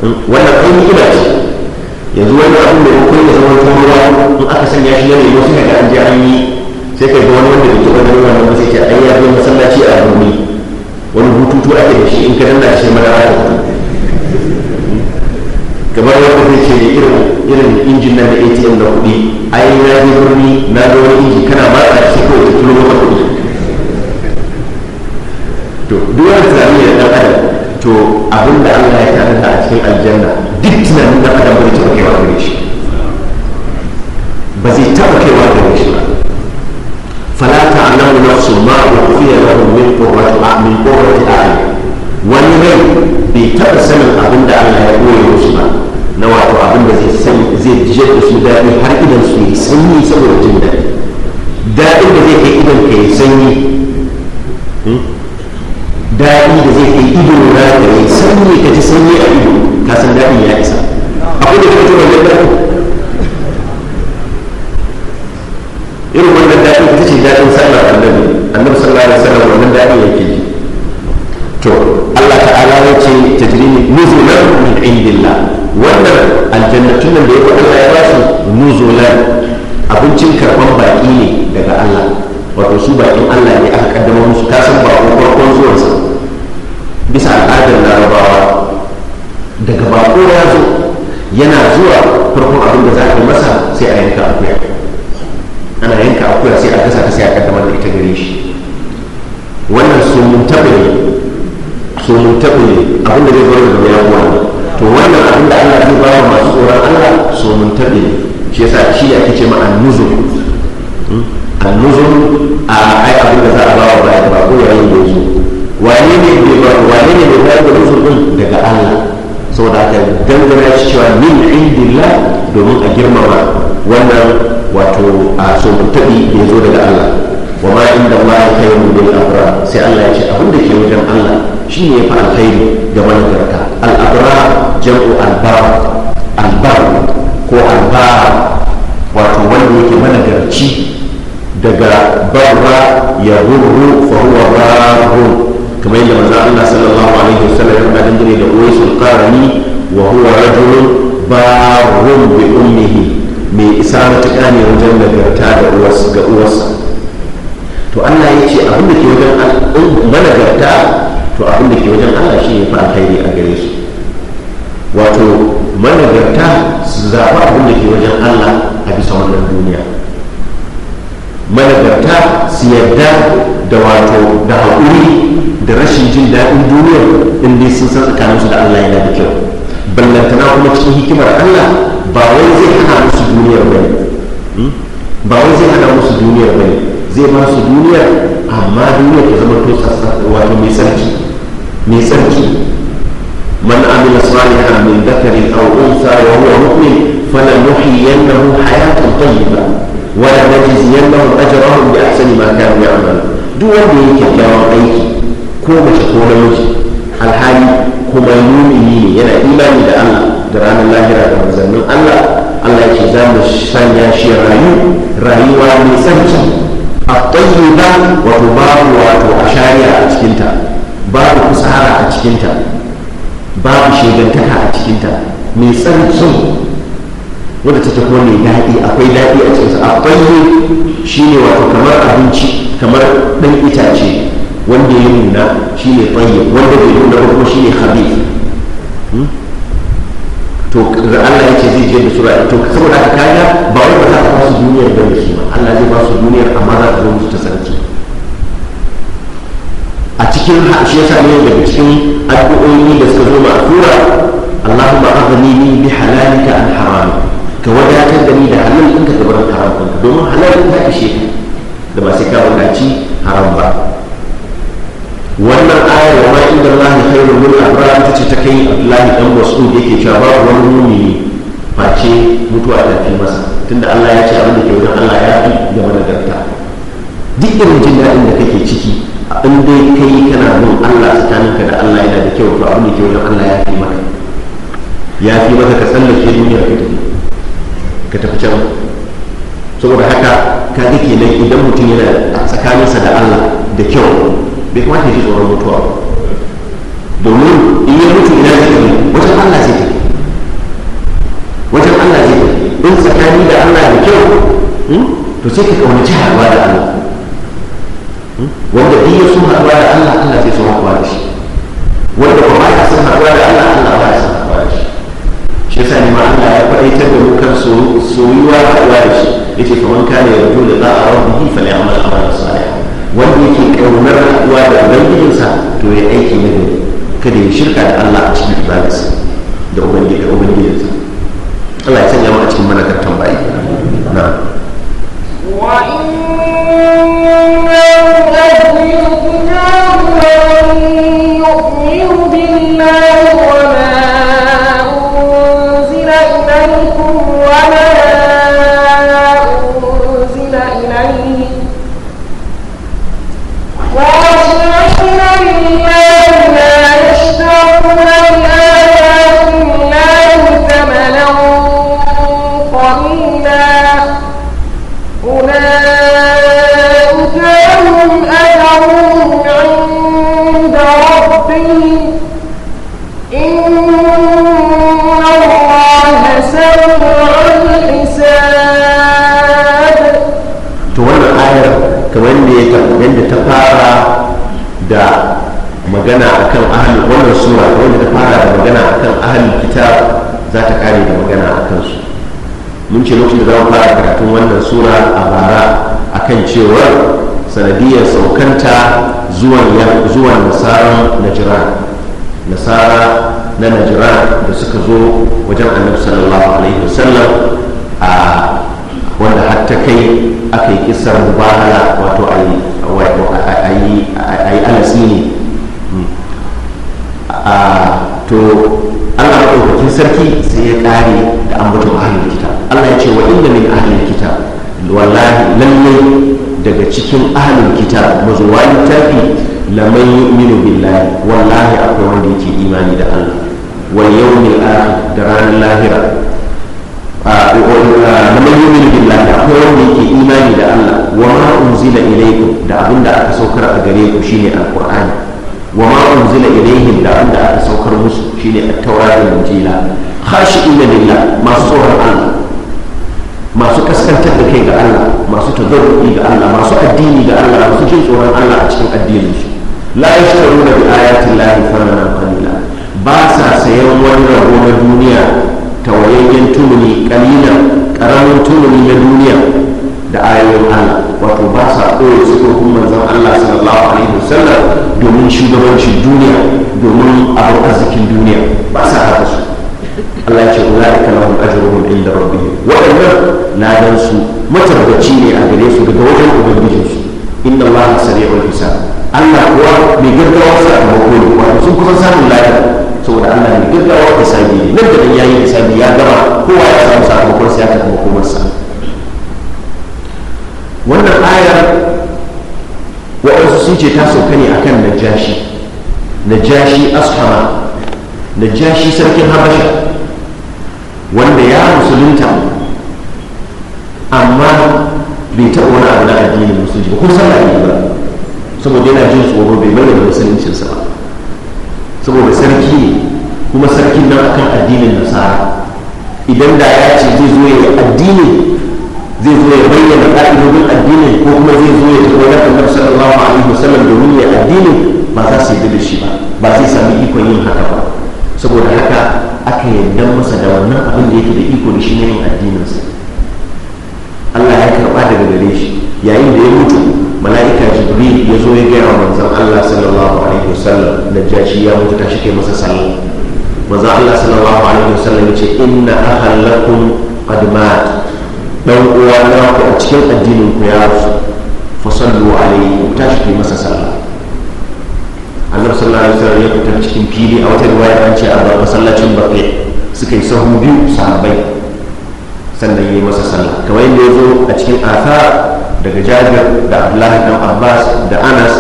wannan kai ni'ima ce yanzu wani abin da kuma da zaman tuwo ruwa in aka sanya shi yanayi wasu da an je an yi sai kai ga wani wanda bai taɓa ganin wannan ba sai ce ai ya masallaci a rumi wani hututu ake da shi in ka danna shi mara ake hutu kamar wanda zai ce irin irin injin nan da atm da kuɗi ai na je birni na ga wani inji kana a shi kawai ta tulo maka kuɗi to duk wani tunani da ɗan adam to abinda Allah ya tanada a cikin aljanna duk tunanin da adam bai taɓa kaiwa gare shi ba zai taɓa kaiwa gare shi ba Falata fala ta'lamu su ma ukhfiya lahum min qurrati a'yun a ne wani rai bai taɓa sanin abinda da Allah ya koya musu ba na wato abin da zai san da su daɗi har idan su yi sanyi saboda jin daɗi daɗin da zai kai idan ka yi sanyi ido na da yi sanyi ka ji sanyi a ido ka san daɗin ya isa akwai da kuma tura da daɗin irin wannan daɗin ita ce daɗin sallar annabi annabi sallallahu alaihi wasallam wannan daɗin yake ji to Allah ta'ala ya ce ta tajrini nuzulan min indillah wannan aljannatun nan da ya Allah ya ba su nuzulan abincin karɓar baƙi ne daga Allah wato su baƙin Allah ne aka kaddama musu kasan ba farkon zuwansa bisa al'adar larabawa daga bako ya zo yana zuwa farkon abin da za a yi masa sai a yanka akuya ana yanka akuya sai a gasa ta sai a kaddamar da ita gare shi wannan somun taɓa ne somun taɓa ne abin da zai zo daga ya kuwa ne to wannan abin da allah zai bawa masu tsoron allah somun taɓa ne shi yasa shi ake ce ma annuzur hmm? annuzur a ai abin da za a bawa ba bako yayin da ya zo wane ne wane ne mai ba da din daga Allah saboda aka dangana shi cewa min indillah domin a girmama wannan wato a tabi da ya zo daga Allah wa ma inda ma ya kai mu bil abra sai Allah ya ce abin da ke wajen Allah shi ne fa alkhairi ga managarta al abra jam'u albar ko albar wato wanda yake managarci daga barra ya rurru fa huwa barrun kamar yadda manzo Allah sallallahu alaihi wasallam ya faɗa dangane da Uwais al-Qarni wa huwa rajulun barrun bi ummihi mai isa ta ne wajen nagarta da uwarsa ga uwarsa to Allah ya ce abin da ke wajen managarta to abin da ke wajen Allah shi ne fa alkhairi a gare su wato managarta su zaɓa abin da ke wajen Allah a bisa wannan duniya managarta su yarda da wato da haƙuri da rashin jin daɗin duniyar in dai sun san tsakaninsu da Allah yana da kyau ballantana kuma cikin hikimar Allah ba wai zai hana musu duniyar bane hmm? ba wai zai hana musu duniyar bane zai ba su duniyar amma duniyar ta zama to sassa wato mai sarki mai sarki man amila salihan min dhakarin aw unsa wa huwa mu'min falanuhyiyannahu hayatan tayyiba wa lanajziyannahum ajrahum bi ahsani ma kanu ya'malun duk wanda ya kyakkyawan aiki ko mace ko namiji alhali kuma mumini ne yana imani da Allah da ranar lahira da manzannin Allah Allah ya ce za mu sanya shi rayu rayuwa mai tsarki a ba wato babu wato a shari'a a cikinta babu kusara a cikinta babu shegantaka a cikinta mai tsarki wanda ta tafi wani daɗi akwai daɗi a cikinsa a fayyo shi ne wato kamar abinci kamar ɗan itace wanda ya nuna shi ne fayyo wanda bai nuna ba kuma shi ne habib hmm? to Allah ya ce zai je da sura to saboda haka kaya ba wai ba za ka basu duniyar da shi ba Allah zai basu duniyar amma za ta zo musu ta sarki a cikin shi yasa ne daga cikin addu'o'i da suka zo ma a tura Allahumma aghnini bi halalika an haramika ka wadatar da ni da halal ka da barin haram ɗinka domin halal ɗin ta ishe ka da ba sai ka wadaci haram ba wannan ayar wa ma inda Allah ya kai mun abara ta ce ta kai Allah dan Mas'ud yake cewa ba wani mumini face mutuwa ta fi masa tunda Allah ya ce abin da ke wajen Allah ya fi da darta duk irin jin daɗin da kake ciki in dai kai kana bin Allah tsakaninka da Allah yana da kyau to abin da ke wajen Allah ya fi maka ya fi maka ka tsallake duniya ka tafi ka tafi can saboda haka ka ga kenan idan mutum yana a tsakaninsa da Allah da kyau bai kamata ya ji tsoron mutuwa domin in yi mutu ina zai tafi wajen Allah zai tafi wajen Allah zai tafi in tsakani da Allah da kyau hmm, to sai ka ci haɗuwa da Allah hmm, wanda iya ya so haɗuwa da Allah Allah zai so haɗuwa da shi wanda ba ya son haɗuwa da Allah Allah ba ya son haɗuwa da shi yasa ne ma Allah ya kwadaitar da mu kan soyuwa haɗuwa da shi ya ce kamar man kana yarju da za a a mara amara salih wanda yake ƙaunar haɗuwa da ubangijinsa to ya aiki na gari kada ya shirka da Allah a cikin ibadarsa da ubangijinsa Allah ya sanya mu a cikin mana kattan bayi na wa inna magana akan ahalin wannan sura wanda ta fara da magana akan ahalin kitab za ta kare da magana a kansu mun ce lokacin da za mu fara karatun wannan sura a bara akan cewar sanadiyar saukanta zuwan na najiran nasara na najira da suka zo wajen annabi sallallahu alaihi wasallam a wanda har ta kai aka yi kisar mubahala wato a to Allah maɗaukakin sarki sai ya ƙare da ambaton ahlul kitab Allah ya ce wa inda min ahlul kitab wallahi lallai daga cikin ahlul kitab mazuwa littafi lamai yu'minu billahi wallahi akwai wanda yake imani da Allah wal yawmil akhir da ranar lahira lamai yu'minu billahi akwai wanda yake imani da Allah wa ma unzila ilaykum da abinda aka saukar a gare ku shine alqur'ani wa ma unzila ilayhim da an da aka saukar musu shine at-taura da injila khashi'ina lillah masu tsoron Allah masu kaskantar da kai ga Allah masu tadarruki ga Allah masu addini ga Allah masu jin tsoron Allah a cikin addinin su la yashtaruna bi ayati llahi thamanan qalila ba sa sayan wani rabo na duniya tawayayyen tumuni kalilan karamin tumuni na duniya da ayoyin Allah wato ba sa ko kuma manzon Allah sallallahu alaihi wasallam domin shugabancin duniya domin abin arzikin duniya ba sa haka su Allah ya ce ulaika lahum ajruhum inda rabbihim na ladan su matabbaci ne a gare su daga wajen ubangijin su inna Allah sari'ul hisab Allah kuwa mai gaggawa su a mako ne wato sun kusa samun lafiya saboda Allah mai gaggawa sabi ne nan da nan yayi sabi ya gama kowa ya samu sakamakon sai ya tafi hukumar wannan ayar wa'ansu sun ce ta sauka ne akan najashi najashi ashama najashi sarkin habasha wanda ya musulunta amma bai taɓa wani abu na addinin musulunci ba ko sallah ne ba saboda yana jin tsoro bai da musuluncinsa ba saboda sarki ne kuma sarkin nan akan addinin nasara idan da ya ce zai zo ya yi addinin. zai zo ya bayyana ka'idodin addini ko kuma zai zo ya tafi wannan annabi sallallahu alaihi wasallam domin ya addinin ba za su yi da shi ba ba zai sami ikon yin haka ba saboda haka aka yarda masa da wannan abin da yake da iko da shi na yin addininsa Allah ya karba daga gare shi yayin da ya mutu mala'ika jibril ya zo ya gaya wa manzon Allah sallallahu alaihi wasallam najashi ya mutu shi kai masa sallah manzon Allah sallallahu alaihi wasallam ya ce inna ahallakum qad mat dan uwa na ku a cikin addinin ku ya rasu fa sallu alaihi tashi ki masa sallah Allah sallallahu alaihi wasallam ya fitar cikin fili a wata riwaya an ce a babban masallacin bakai suka yi sahu biyu sahabbai sannan yi masa sallah kamar yadda ya zo a cikin asa daga jabir da Abdullah dan abbas da anas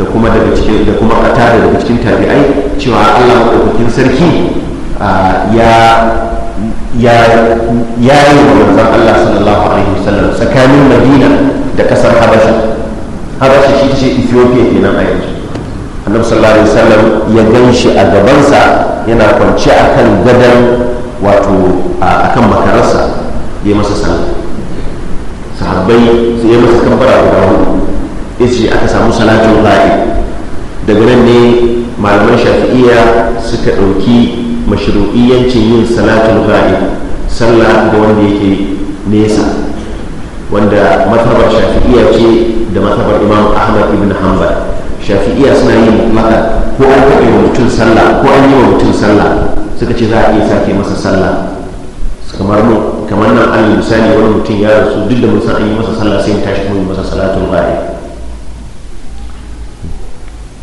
da kuma daga cikin da kuma qatada daga cikin tabi'ai cewa Allah madaukakin sarki ya ya yi wa manzan Allah sallallahu alaihi wasallam tsakanin Madina da kasar Habasha Habasha shi ce Ethiopia kenan a yanzu annabi sallallahu alaihi wasallam ya gan shi a gabansa yana kwance kan gadon wato a kan makararsa ya masa sallah sahabbai sai ya masa kambara guda hudu ya ce aka samu salatin ra'i daga nan ne malaman shafi'iyya suka ɗauki mashru'iyyancin yin salatul ghaib sallah da wanda yake nesa wanda matabar shafi'iyya ce da matabar imam ahmad ibn hanbal shafi'iyya suna yin mutlaka ko an taɓa wa mutum sallah ko an yi wa mutum sallah suka ce za a iya sake masa sallah kamar mu kamar nan an misali wani mutum ya rasu duk da mun san an yi masa sallah sai ya tashi kuma yi masa salatul ghaib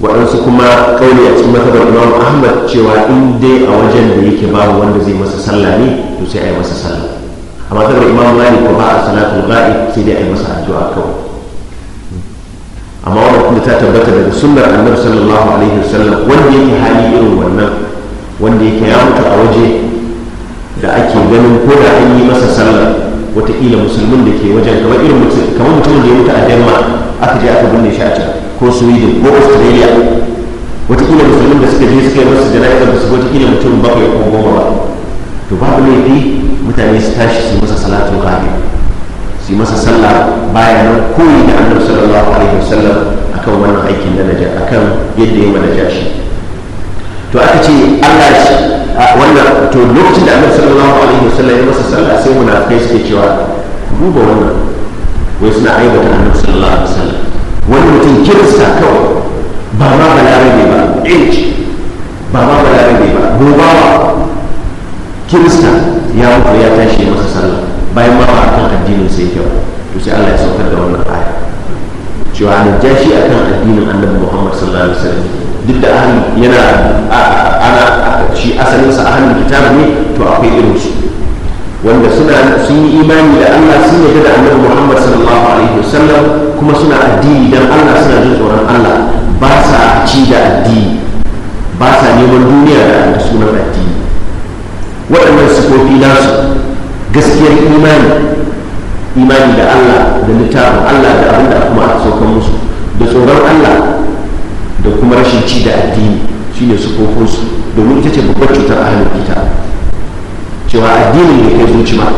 waɗansu kuma kauli a cikin matabar imam ahmad cewa in dai a wajen da yake babu wanda zai masa sallah ne to sai a yi masa sallah a matabar imam malik ko ba a salatu ba'i sai dai a yi masa addu'a kawai amma wannan kuma ta tabbata daga sunnar annabi sallallahu alaihi wasallam wanda yake hali irin wannan wanda yake ya mutu a waje da ake ganin ko da an yi masa sallah wataƙila musulmin da ke wajen kamar irin mutum kamar mutumin da ya mutu a denmark aka je aka binne shi a can ko sweden ko australia watakila musulmin da suka je suka yi masu jana'izar da su watakila mutum bakwai ko goma ba to babu laifi mutane su tashi su masa salatu ghaib su masa sallah baya nan koyi da annabi sallallahu alaihi wasallam akan wannan aikin na najar akan yadda ya manaja shi to aka ce Allah shi wannan to lokacin da annabi sallallahu alaihi wasallam ya masa sallah sai munafikai suke cewa duba wannan wai suna aibata annabi sallallahu alaihi wasallam wani mutum kirista kawai ba ma ne ba inci ba ma ne ba gobawa kirista ya mutu ya tashi masa sallah bayan ma ba akan addinin sai kyau to sai Allah ya saukar da wannan aya cewa an jashi akan addinin annabi Muhammad sallallahu alaihi wasallam duk da ahli yana ana shi asalin sa ahlul kitab ne to akwai irin su wanda suna sun yi imani da Allah sun yarda da annabi Muhammad sallallahu alaihi wasallam kuma suna addini dan Allah suna jin tsoron Allah ba sa ci da addini ba sa neman duniya da sunan addini waɗannan sifofi nasu gaskiyar imani imani da Allah da littafin Allah da abin da kuma a saukan musu da tsoron Allah da kuma rashin ci da addini shine su domin ita ce babbar cutar ahalin kitab cewa addinin ne kai zuci ba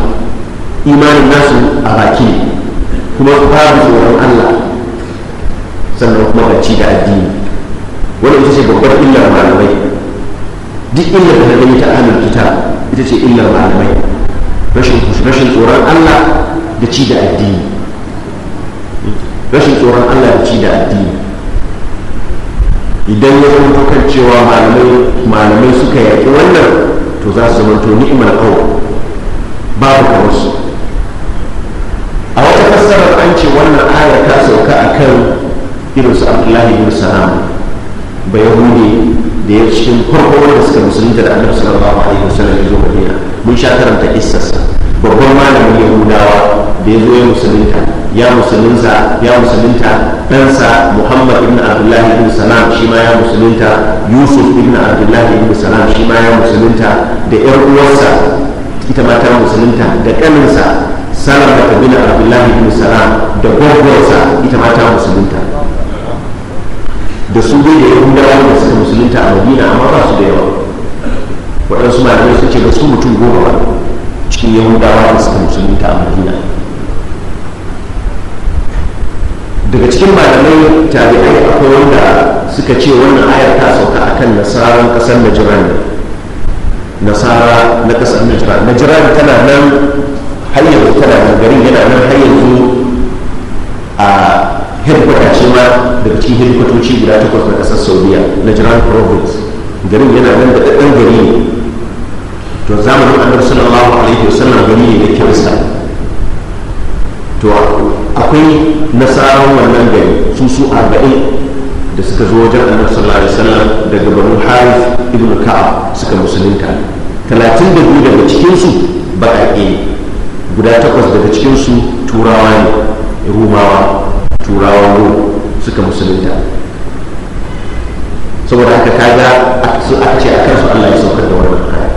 imanin nasu a baki kuma fara tsoron Allah sannan kuma bacci da addini wani ita ce babbar illar malamai duk illar da gani ta ahlul kita ita ce illar malamai rashin rashin tsoron Allah da ci da addini rashin tsoron Allah da ci da addini idan ya zama kan cewa malamai suka yaƙi wannan to za su zama to ni'mar kawo babu kamar su a wata fassarar an ce wannan ayar ta sauka a kan irin su abdullahi bin salam bai yahudi da ya cikin farko wanda suka musulunta da annabi sallallahu alaihi wasallam ya zo madina mun sha karanta sa babban malamin yahudawa da ya zo ya musulunta ya musulunta ya musulunta ɗansa muhammad ibn abdullahi ibn salam shi ma ya musulunta yusuf ibn abdullahi ibn salam shi ma ya musulunta da yar uwarsa ita ma ta musulunta da ƙaninsa da ibn abdullahi ibn salam da gwagwarsa ita ma ta musulunta da su dai da yan da suka musulunta a madina amma ba su da yawa waɗansu malamai sun ce ba su mutum goma ba cikin yahudawa da suka musulunta a madina daga cikin malamai tabi'ai akwai wanda suka ce wannan ayar ta sauka akan nasaran kasar najiran nasara na kasar najiran najiran tana nan hanyar yanzu tana nan garin yana nan har yanzu a hirkwata ce ma daga cikin hirkwatoci guda takwas na kasar saudiya najiran province garin yana nan da ɗan gari ne to zamanin annabi sallallahu alaihi wasallam gari ne da kirista to akwai nasarar wannan gari su su arba'in da suka zo wajen annabi sallallahu alaihi wasallam daga banu harith ibn ka'ab suka musulunta talatin da biyu daga cikinsu baƙaƙe ne guda takwas daga cikinsu turawa ne rumawa turawa ne suka musulunta saboda haka kaga aka ce a kansu allah ya saukar da wannan aya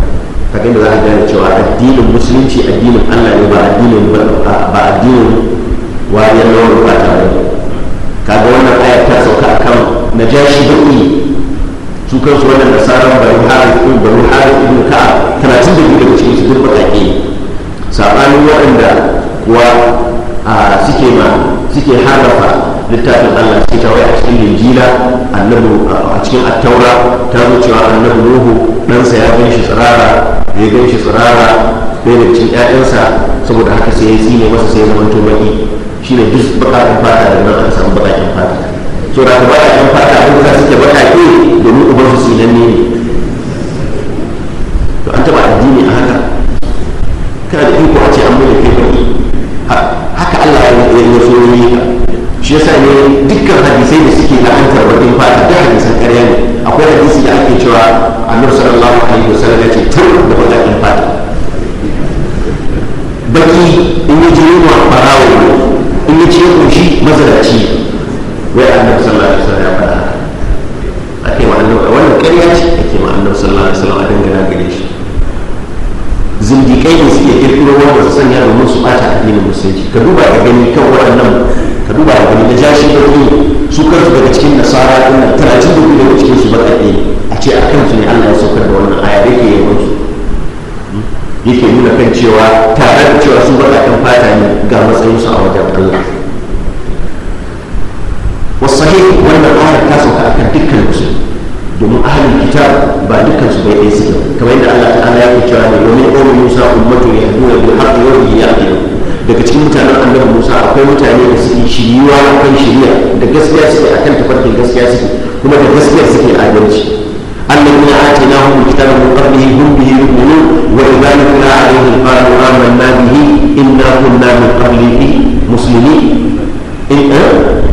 kaga da za a gane cewa addinin musulunci addinin allah ne ba ba addinin wajen rawar fata ne kaga wannan ayar ta sauka akan najashi ba'i su kansu wannan nasarar bari har ibn bari har ibn ka talatin da biyu daga cikin su duk baƙaƙe saɓanin waɗanda kuwa suke ma suke harafa littafin allah suke tawaye a cikin linjila annabi a cikin attaura ta zo cewa annabi nuhu sa ya gan shi tsirara ya gan shi tsirara bai da cikin 'ya'yansa saboda haka sai ya tsine masa sai ya zama to shine ne duk bakakin fata da nan aka samu bakatun fata so da ka bakakin fata abin da suke bakake domin uban su sinan ne to an taba addini a haka kana da iko a ce an bude kai haka Allah ya yi so yi ka shi yasa ne dukkan hadisai da suke la'antar bakin fata da hadisan karya ne akwai hadisi da ake cewa annabi sallallahu alaihi wasallam ya ce tun da bakatun fata baki in yi jirgin ne. ci ya mazalaci a suke kirkiro wanda su sanya domin su ɓata addinin musulunci ka duba ka gani kan waɗannan ka duba ka gani na jashi da su kansu daga cikin nasara ɗin nan talatin da kuma daga cikin su a ce a kansu ne allah ya saukar da wannan aya da ke yake nuna kan cewa tare da cewa sun kan fata ne ga matsayinsu a wajen allah take wanda ayar ta sauka a kan dukkan musulmi domin ahalin kitab ba dukkan su bai ɗaya suke kamar yadda Allah ta'ala ya fi kuce ne domin qawmi Musa ummatu yahduna bil haɗu wani bihi yaqin daga cikin mutanen annabi Musa akwai mutane da su yi shiriwa a kan shiriya da gaskiya suke a kan tafarkin gaskiya suke kuma da gaskiya suke adalci الذين آتيناهم الكتاب من قبله هم به يؤمنون وإذا da عليهم قالوا آمنا به إنا كنا من قبله مسلمين musulmi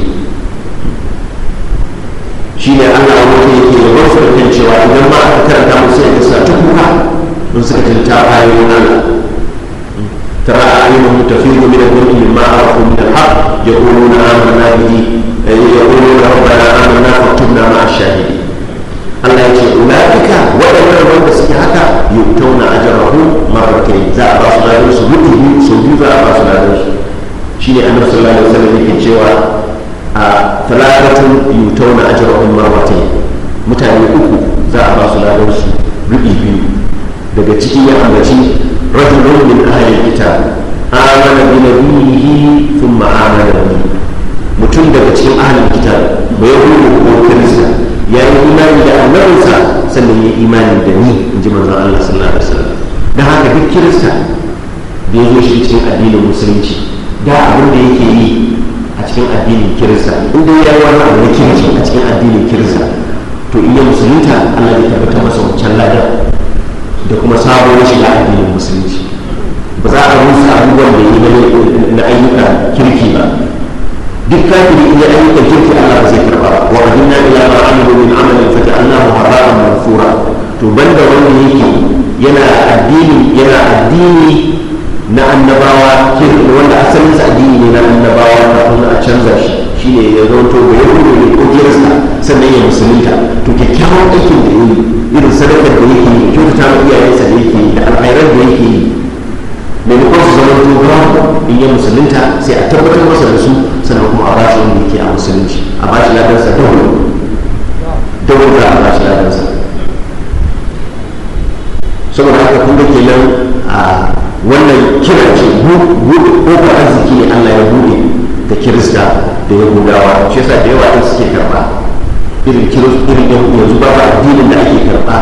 ne allah wata yake da wasu kan cewa idan ma aka karanta musu yadda sa ta kuka don suka jinta bayan allah ترى أعينهم na من الدمع مما عرفوا من الحق يقولون na به na ربنا آمنا فاكتبنا مع الشاهدين Allah ya ce ulaika waɗannan wanda suke haka yuktauna ajrahu marratayn za a ba su ladan su mutu su biyu za a ba su ladan su shine annabi sallallahu alaihi wasallam yake cewa a talatatun yutau na ajiyar wani marmatai mutane uku za a ba su ladansu rubi biyu daga ciki ya ambaci rajulun min ahalin ita amana bi nabihi thumma amana bi mutum daga cikin ahalin ba ya rubu ko kirista ya yi imani da annabinsa sannan ya yi imani da ni in ji manzan Allah sallallahu alaihi wasallam dan haka duk kirista da ya zo shi cikin addinin musulunci da abin da yake yi a cikin addinin kirista in dai ya yi wani abu na kirki a cikin addinin kirista to iya musulunta allah zai tabbata masa wancan ladar da kuma sabon shiga addinin musulunci ba za a rusa abubuwan da ya na ayyuka kirki ba duk kafiri in ya ayyukan kirki allah ba zai karba wa qadimna ila ma amilu min amalin wa haraman manthura to banda wanda yake yana addini yana addini na annabawa kirkin wanda asalinsa addini ne na annabawa kuma a canza shi shine ya zonto ga ya kuma ne ko sannan ya musulunta to kyakkyawan aikin da yi irin sadakar da yake yi kyautata ma iyayensa da yake yi da alkhairar da yake yi maimakon su zama to ba in ya musulunta sai a tabbatar masa da su sannan kuma a bashi wanda yake a musulunci a bashi ladarsa dole dole za a bashi ladarsa saboda haka kun da kenan a wannan kira ce ko arziki ne allah ya bude ga kirista da yahudawa shi yasa da yawa ɗin suke karɓa irin irin yanzu ba ba addinin da ake karɓa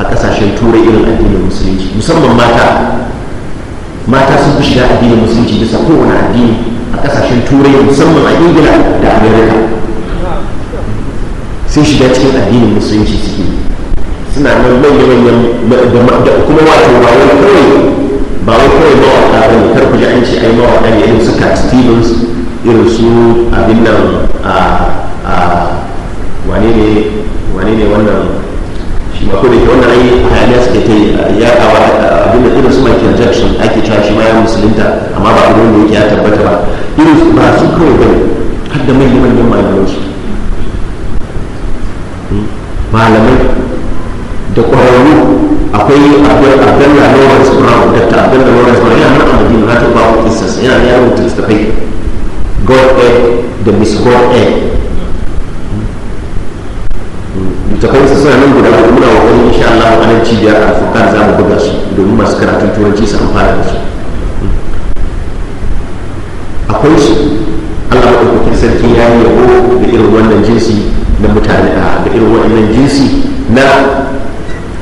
a ƙasashen turai irin addinin musulunci musamman mata mata sun fi shiga addinin musulunci bisa kowane addini a ƙasashen turai musamman a ingila da amerika sun shiga cikin addinin musulunci suke suna nan manya-manyan kuma wato wayo kawai ba wai kawai mawaka ba ne kar ku ji an ce ai mawaka ne irin su Cat Stevens irin su abin nan a wane ne wane ne wannan shi ma kodai wannan ai hayaniya suke ta yi ya kawo abin da irin su Michael Jackson ake cewa shi ma ya musulunta amma ba abin da yake ya tabbata ba irin su ba su kawai ba ne har da manyan manyan malamansu hmm? malamai da ƙwararru akwai abdalla lawrence brown da ta abdalla lawrence brown yana nan abin da ta ba wa sai yana da yawon kai god a da miss god aid littafansa suna nan guda da muna wani insha Allah a nan cibiyar alfukar za mu buga su domin masu karatun turanci su amfana da su akwai su Allah maɗaukakin sarki ya yi yabo da irin wannan jinsi na mutane da irin wannan jinsi na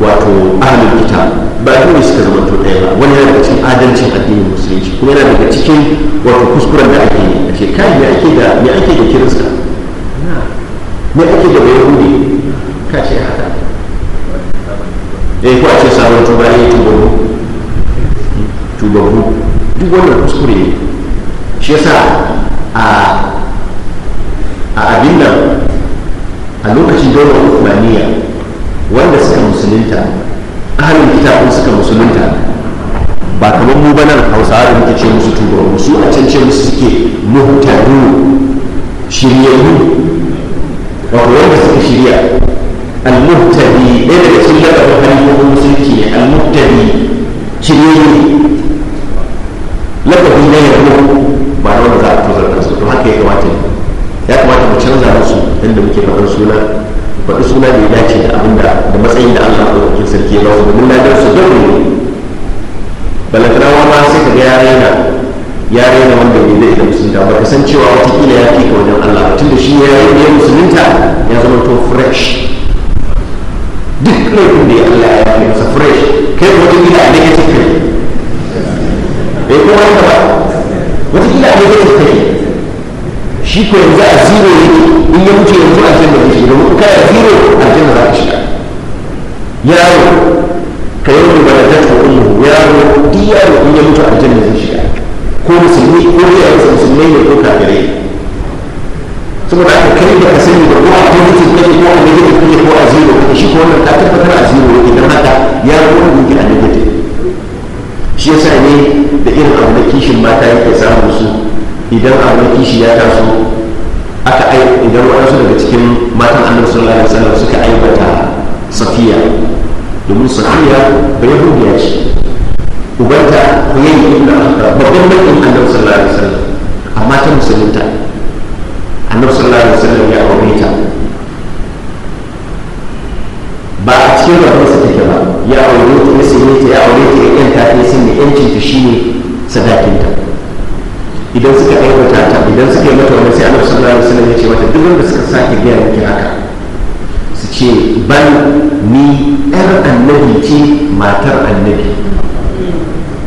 wato ahalin kita ba dole suka zama to ɗaya ba wani yana daga cikin adalcin addinin musulunci kuma yana daga cikin wato kuskuren da ake yi a shekaru kai ake da me ake da kirista ne ake da hudu ka ce haka ya eh, yi a ce sabon tuba ne eh, tubabu tubabu duk wannan kuskure ne shi yasa a a abin nan a lokacin daular usmaniya wanda suka musulunta ahalin kitabun suka musulunta ba kamar mu ba nan hausawa da muke ce musu turawa su a can ce musu suke muhtaru shiryayyu ku wanda suka shirya al-muhtadi ɗaya daga cikin lakabar halifofin musulunci ne al-muhtadi shiryayyu lakabin na yabo ba na wanda za a tozar kansu to haka ya kamata ya kamata mu canza musu inda muke faɗin suna faɗi suna da ya dace da abin da da matsayin da allah ɗaukakin sarki ya bawa domin lafiyar su yau ne balakarawa ma sai ka ga ya raina ya raina wanda bai zai da musulunta ba ka san cewa watakila ya fi ka wajen allah tun da shi ya yi musulunta ya zama to fresh duk laifin da ya allah ya fi masa fresh kai watakila a negative kai bai kuma haka ba watakila a negative kai shi ko yanzu a zero in ya wuce yanzu a jan da shi kana zero aljanna za ka shiga yaro ka yi wani bada tafi ummu yaro duk yaro in ya mutu aljanna zai shiga ko musulmi ko ya yi musulmai ne ko kafirai saboda aka kai da ka sani da ko a positive ke ko a negative kake ko a zero kake shi ko wannan ka tabbatar a zero idan haka yaro ko gugu a negative shi yasa ne da irin abu da kishin mata yake samun su idan abu da kishi ya taso aka ai idan waɗansu daga cikin matan annabi sallallahu alaihi wasallam suka aibata safiya domin safiya bai hudiya ce ubanta yi ibn akhra babban bakin annabi sallallahu alaihi wasallam a matan musulunta annabi sallallahu alaihi wasallam ya aure ta ba a cikin rabon su take ba ya aure ta ya sanye ta ya aure ta ya yanta ta ya sanya yancin ta shine sadakinta idan suka aibata ta idan suka yi mata wani sai annabi sallallahu alaihi wasallam ya ce mata duk wanda suka sake biya miki haka su ce ban ni yar annabi ce matar annabi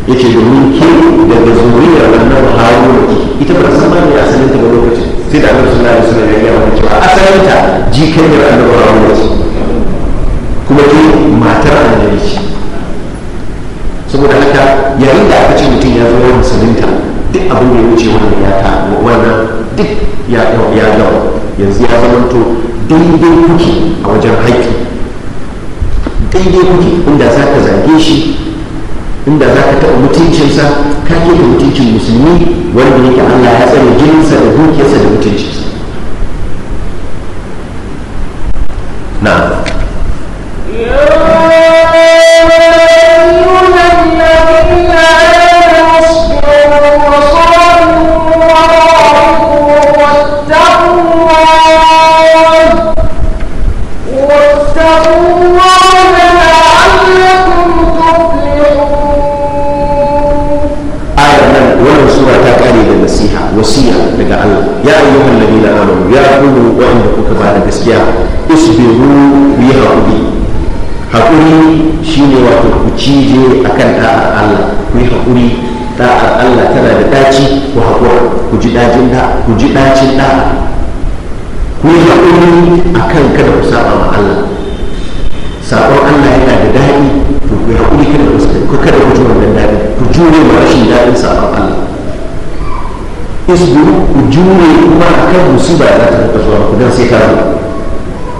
ya ce domin ke daga zuriyar annabi haruna ke ita ba san ba ne asalin ta ba lokacin sai da annabi sallallahu alaihi wasallam ya gaya mata cewa asalin ta jikan da annabi haruna ce kuma ke matar annabi ce saboda haka yayin da aka ce mutum ya zo musulunta duk abin da ya wuce wannan ya ta wannan duk ya ya yawa yanzu ya zamanto daidai kuke a wajen haƙƙi daidai kuke inda za ka zage shi inda za ka taɓa mutuncinsa ka ke da mutuncin musulmi wanda yake allah ya tsare jininsa da dukiyarsa da mutuncinsa na'am ga Allah ya ayyuhan ladina amanu ya ku wanda kuka ba da gaskiya isbiru bi haƙuri haƙuri shine wato ku cije akan da'ar Allah ku yi haƙuri da'ar Allah tana da daci ku haƙura ku ji ɗacin da ku ji dacin da ku yi haƙuri akan kada ku saba ma Allah sabon Allah yana da daɗi to ku yi haƙuri kada ku kada ku ji wannan daɗi ku jure ma rashin daɗin sabon Allah isbiru ku jure kuma a kan musiba da ta rika zuwa ku dan sai ka zo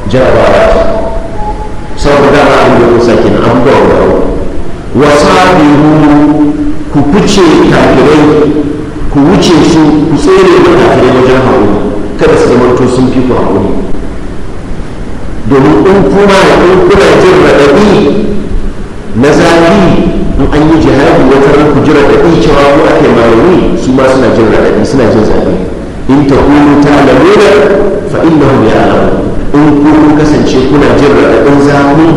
jarabawa saboda dama abin da kusa kenan abubuwa da abu wasabiru ku fice kafirai ku wuce su ku tsere da kafirai wajen haƙuri kada su zama to sun fi ku haƙuri domin in kuma in kuna jin raɗaɗi na zafi in an yi jihadi wata ran ku jira da ɗin cewa ko ake malami su ma suna jin raɗaɗi suna jin zafi in ta kunu ta alamuna fa inna hum alamu in ku kun kasance kuna jin raɗaɗin zafi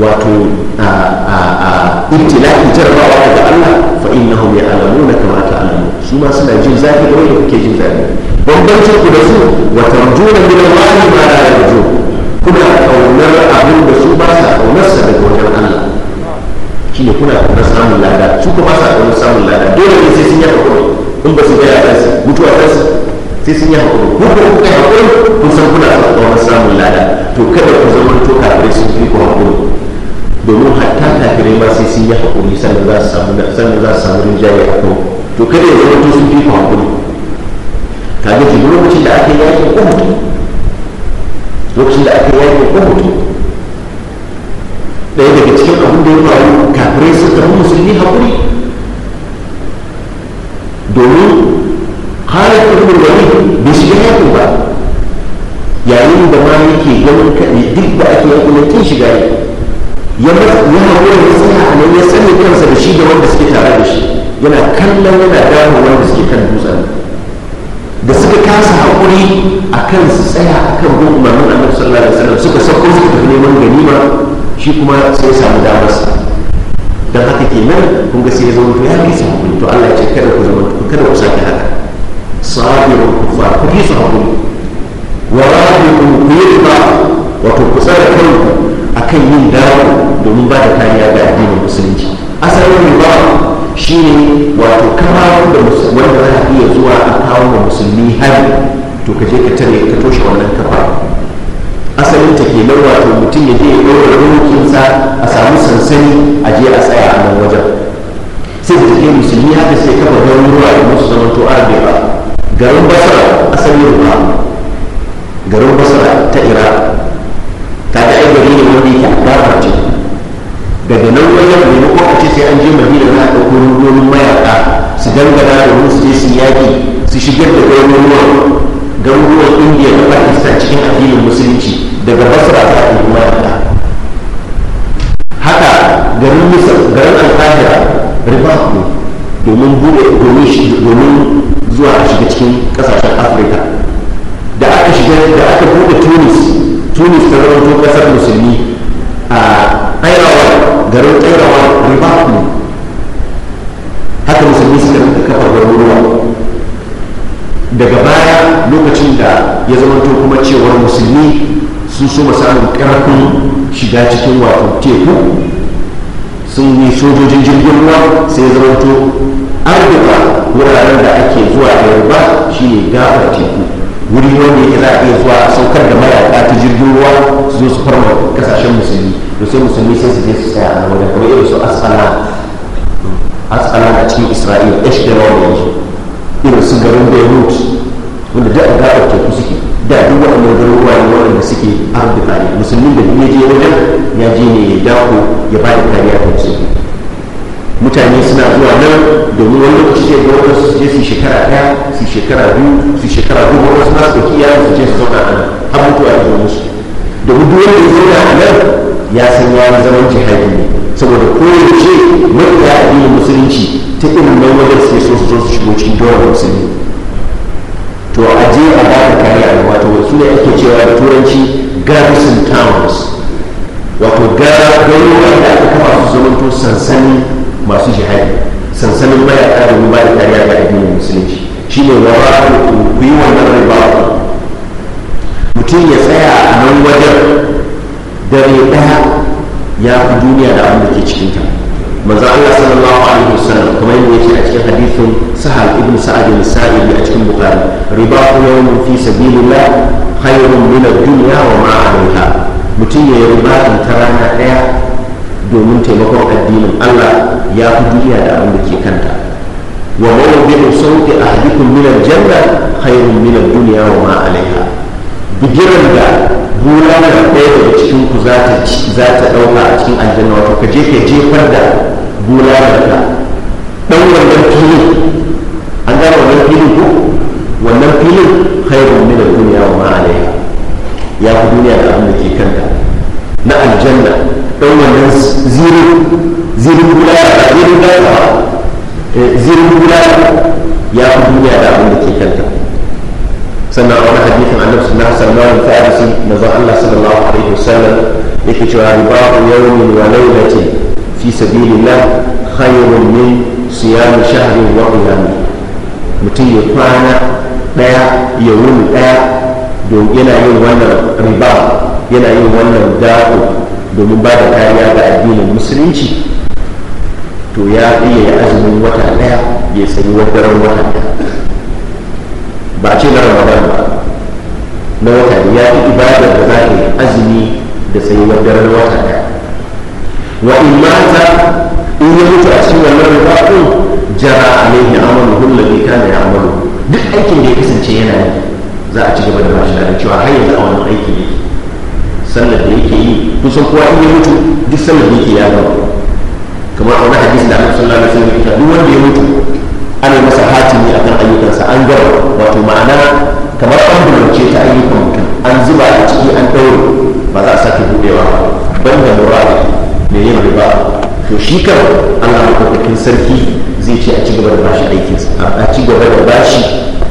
wato a a a ibtila'i jarabawa daga Allah fa inna alamu na kamata alamu su ma suna jin zafi da wanda kuke jin zafi bambancin ku da su wata rujuna min Allah ma la yarju kuna kaunar abin da su ba sa kaunarsa daga wajen shi ne kuna da samun lada su kuma sa da samun lada dole ne sai sun yi hakuri in ba su gaya kansu mutuwa kansu sai sun yi hakuri ko kuma kuka yi hakuri kun san kuna da kuma samun lada to kada ku zama to kafirai sun fi ku hakuri domin hatta kafirai ma sai sun yi hakuri sannan za su samu sannan za su samu rinjaye a kan to kada ya zama to sun fi ku hakuri kaga duk lokacin da ake yakin uhud lokacin da ake yakin uhud ɗaya daga cikin abin da ya faru kafirai sun tafi musulmi haƙuri domin halin ibn wani bai shiga yaƙin ba yayin da ma yake ganin kaɗai duk da ake yaƙi na kin shiga ne ya haƙura ya tsaya a nan ya sani kansa da shi da wanda suke tare da shi yana kallon yana gano wanda suke kan dutsen da suka kasa haƙuri a kan su tsaya a kan bin umarnin annabi sallallahu alaihi wasallam suka sauko suka tafi neman ganima shi kuma sai ya samu damar sa dan haka kenan kun ga sai ya zama ya ya kisa hakuri to Allah ya ce kada ku zama kada ku sake haka sabirun kufa ku fi su hakuri wa rabbikun ku yi ba wato ku tsara kanku akan yin dawo domin ba da kariya ga addinin musulunci asalin ba shi ne wato kama da wanda za a iya zuwa a kawo wa musulmi hari to ka je ka tare ka toshe wannan kafa asalin ta kenan wato mutum ya je ya ɗora sa a samu sansani a je a tsaya a nan wajen sai da take musulmi haka sai kafa ruwa da musu zama to arabe ba garin basara asali ruwa garin basara ta ira ta ga ai gari ne wanda yake ababar ce daga nan wajen ya kuma ce sai an je madina na ɗauko rundunonin mayaka su dangana da su je su yaƙi su shigar da garuruwan garuruwan indiya da pakistan cikin addinin musulunci daga basara za a ɗauki mayaka garin misar garin alfahira riba ne domin bude domin domin zuwa a shiga cikin kasashen afirka da aka shiga da aka bude tunis tunis ta zama kasar musulmi a airawa garin airawa riba ne haka musulmi suka rinka kafa garin ruwa daga baya lokacin da ya zama kuma cewar musulmi sun so samun karfin shiga cikin wato teku sun yi sojojin jirgin ruwa sai zamanto an rufe wuraren da ake zuwa da yarba shi ne gafar teku wuri wanda yake za a iya zuwa a saukar da mayaka ta jirgin ruwa su zo su farma kasashen musulmi da sai musulmi sai su je su tsaya a wajen kuma irin su asala asala a cikin isra'ila ashkelawa yanzu irin su garin beirut wanda da gafar teku su duk waɗanda garuruwa ne waɗanda suke arzikari musulmi da ya je wajen ya je ne ya dako ya ba da kariya ga musulmi mutane suna zuwa nan domin wani lokaci zai ga waɗansu su je su shekara ɗaya su shekara biyu su shekara biyu waɗansu ma su ɗauki su je su zauna a nan har mutuwa ya zo musu domin duk wanda ya zauna a nan ya san ya zaman jihadi ne saboda koyaushe mafiya addinin musulunci ta irin nan wajen sai so su zo su shigo cikin dole musulmi to a je a ba ka kariya wato su ne ake cewa turanci garrison towns wato garuruwan da aka kafa su zamanto sansani masu jihari sansanin mayaka da ba da kariya ga addinin musulunci shi ne rawa ku yi wannan riba mutum ya tsaya a nan wajen dare ɗaya ya fi duniya da abin da ke cikin cikinta manzo Allah sallallahu alaihi wasallam kamar yadda yake a cikin hadithin Sahal ibn Sa'ad bin sa'id a cikin Bukhari riba yawm fi sabilillah khairun min ad-dunya wa ma 'alayha mutum ya riba in ta rana daya domin taimakon addinin Allah ya fi duniya da abin da ke kanta wa bi sawti ahdikum min al-janna khairun min ad-dunya wa ma 'alayha bigiran da bulalar ɗaya daga cikin ku za ta ɗauka a cikin aljanna wato ka je ka jefar da bulalarsa dan wannan filin an gane wannan filin ko wannan filin khairun min ad-dunya wa ma alaiha ya fi duniya da abin da ke kanta na aljanna dan wannan zirin zirin bulalar zirin bulalar zirin bulalar ya fi duniya da abin da ke kanta sannan a wani hadithin annabi sallallahu alaihi wasallam ta'arisi manzon Allah sallallahu alaihi wasallam yake cewa riba'u yawmin wa laylatin fi sabilillah khairun min siyam shahrin wa qiyamih mutum ya kwana ɗaya ya wuni ɗaya don yana yin wannan riba yana yin wannan dako domin ba da kariya ga addinin musulunci to ya iya ya azumin wata daya ya sayi wadaran wata daya ba ce na ramadan ba na wata ya fi ibadar da za yi azumi da sayi wadaran wata daya wa in mata in ya mutu a cikin wannan riba din jara alaihi amaluhu alladhi kana ya'malu duk aikin da ya kasance yana yi za a ci gaba da bashi da cewa har yanzu a wani aiki ne sallar da yake yi kusan kowa in ya mutu duk sallar da yake ya gaba kamar a wani hadisi da annabi sallallahu alaihi wasallam ya duk wanda ya mutu ana masa hatimi kan ayyukansa an gaba wato ma'ana kamar an bulance ta ayyukan mutum an zuba a ciki an ɗaure ba za a sake buɗewa ba banda murari da yin riba to shi kan allah maɗaukakin sarki zai ce a ci gaba da bashi aikin a ci gaba da bashi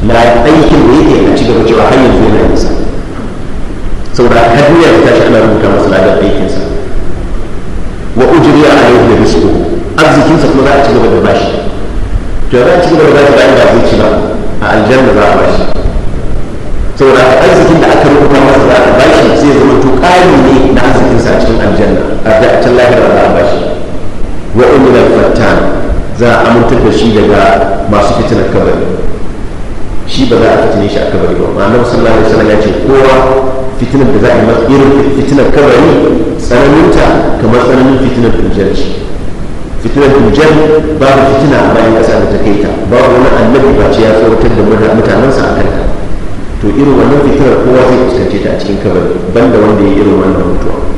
na aikin da yake a ci gaba cewa hanyar yanzu yana nisa saboda har duniya ta shi ana rubuta ladar aikin sa wa a yau da arzikin sa kuma za a ci gaba da bashi to za a ci gaba da bashi bayan da zai ci ba a aljanna za a bashi da arzikin da aka rubuta masu ladar a bashi zai zama to ƙari ne na arzikin a cikin aljanna a can lahira a bashi wa umilal fattan za a amintar da shi daga masu fitinar kabari shi ba za a fitine shi a kabari ba ma'ana sallallahu alaihi ya ce kowa fitinar da za a yi masa irin fitinar kabari tsananinta kamar tsananin fitinar dujjalci fitinar dujjal babu fitina a bayan ƙasa da ta kai ta babu wani annabi ba ce ya tsoratar da mutanensa a kanta to irin wannan fitinar kowa zai fuskance ta a cikin kabari banda wanda ya yi irin wannan mutuwa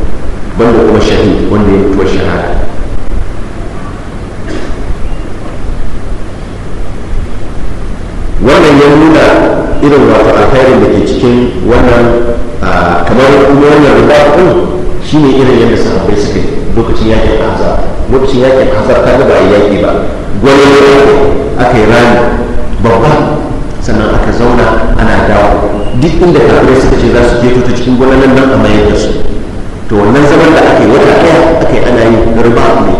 banda kuma shahi wanda ya mutuwar shahada wannan ya nuna irin wata alkhairin da ke cikin wannan kamar kuma wannan riba ko shi ne irin yadda sahabbai suka yi lokacin yakin azar lokacin yakin azar ta ba yaki ba gwani aka yi rani babba sannan aka zauna ana dawo duk inda kafirai suka ce za su je ta cikin gwananan nan a mayar da su to wannan zaman da ake yi wata ɗaya aka yi ana yi riba ne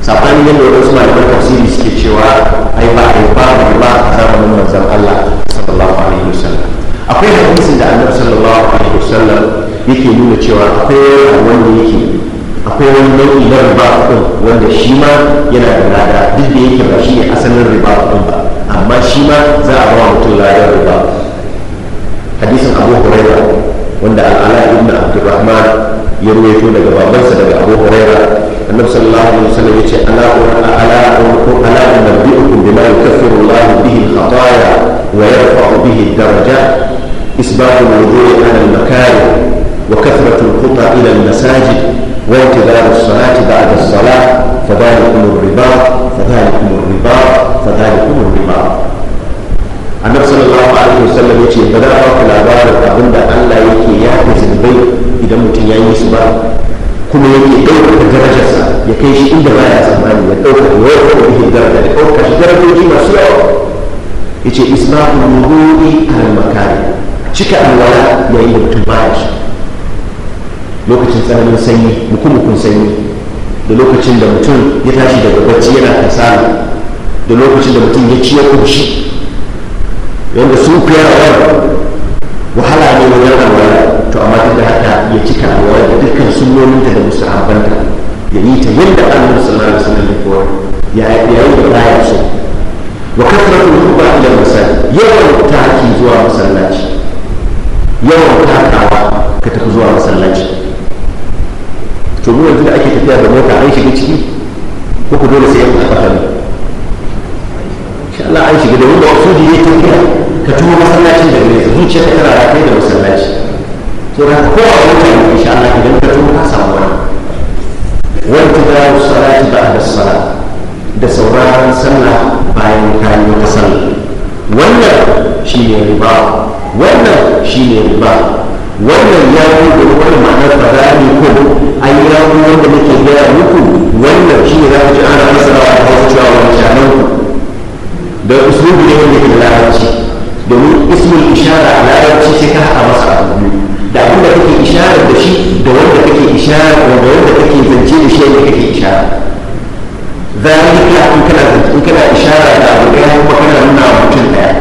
saɓanin yadda waɗansu malaman tafsiri suke cewa ai ba ai ba riba a zamanin manzon Allah sallallahu alaihi wasallam akwai hadisin da annabi sallallahu alaihi wasallam yake nuna cewa akwai wanda yake akwai wani nau'i na riba ɗin wanda shi ma yana da lada duk da yake ba shi ne asalin riba ɗin ba amma shi ma za a ba mutum ladar riba hadisin abu hurairah wanda al'ala ibn abdurrahman ya ruwaito daga babansa daga abu huraira annabi sallallahu alaihi wasallam ya ce ala ala ala nabiyukum bima yukaffiru allah bihi al-khataaya wa yarfa'u bihi ad-darajat isbatu al-wudu'i ala al-makari wa kathratu al-quta ila al-masajid wa intidar as-salati ba'da as-salah فذلكم الرباط فذلكم الرباط فذلكم الرباط annabi sallallahu alaihi wasallam yace ba za ba ku labarin abin da Allah yake ya fi zunubai idan mutum ya yi su ba kuma yake ɗaukaka darajarsa ya kai shi inda ba ya tsammani ya ɗaukaka wayar da yake daraja ya ɗaukaka shi darajoji masu yawa yace isba'u nuru'i alal makari cika alwala yayin da mutum baya shi lokacin tsananin sanyi mukumukun sanyi da lokacin da mutum ya tashi daga bacci yana kasala da lokacin da mutum ya ci ya wanda sun fi yawa wahala ne wajen alwala to amma duk da haka ya cika alwala da dukkan sunnonin da musu banta ya yi ta yadda annabi sallallahu alaihi kowa ya koyar yayin da bayan su wa kasratul khutba ila masajid yawan taki zuwa masallaci yawan takawa ka tafi zuwa masallaci to mu yanzu da ake tafiya da mota an shiga ciki ko ku dole sai ya tafi ne Allah an shiga da wanda wasu ne ya tafiya ka tuho masallacin da gare zuciya ta tana rafe da masallaci to da ko a wata ne insha Allah idan ka tuho ka samu wani wani tidaru salati ba da sala da sauraron sallah bayan kayan wata sallah wannan shi ne riba wannan shi ne riba wannan ya yi da wani ma'anar farani ko an yi rafi wanda nake gaya muku wannan shi ne za ku ji ana masarawa a hausa cewa wani shanan ku da usulubi ne wanda ke da larabci domin ismin ishara a larabci sai ka haɗa masa abu biyu da abin da kake isharar da shi da wanda kake isharar da wanda kake zance da shi da kake ishara zalika in kana in kana ishara da abu ɗaya kuma kana nuna wa mutum ɗaya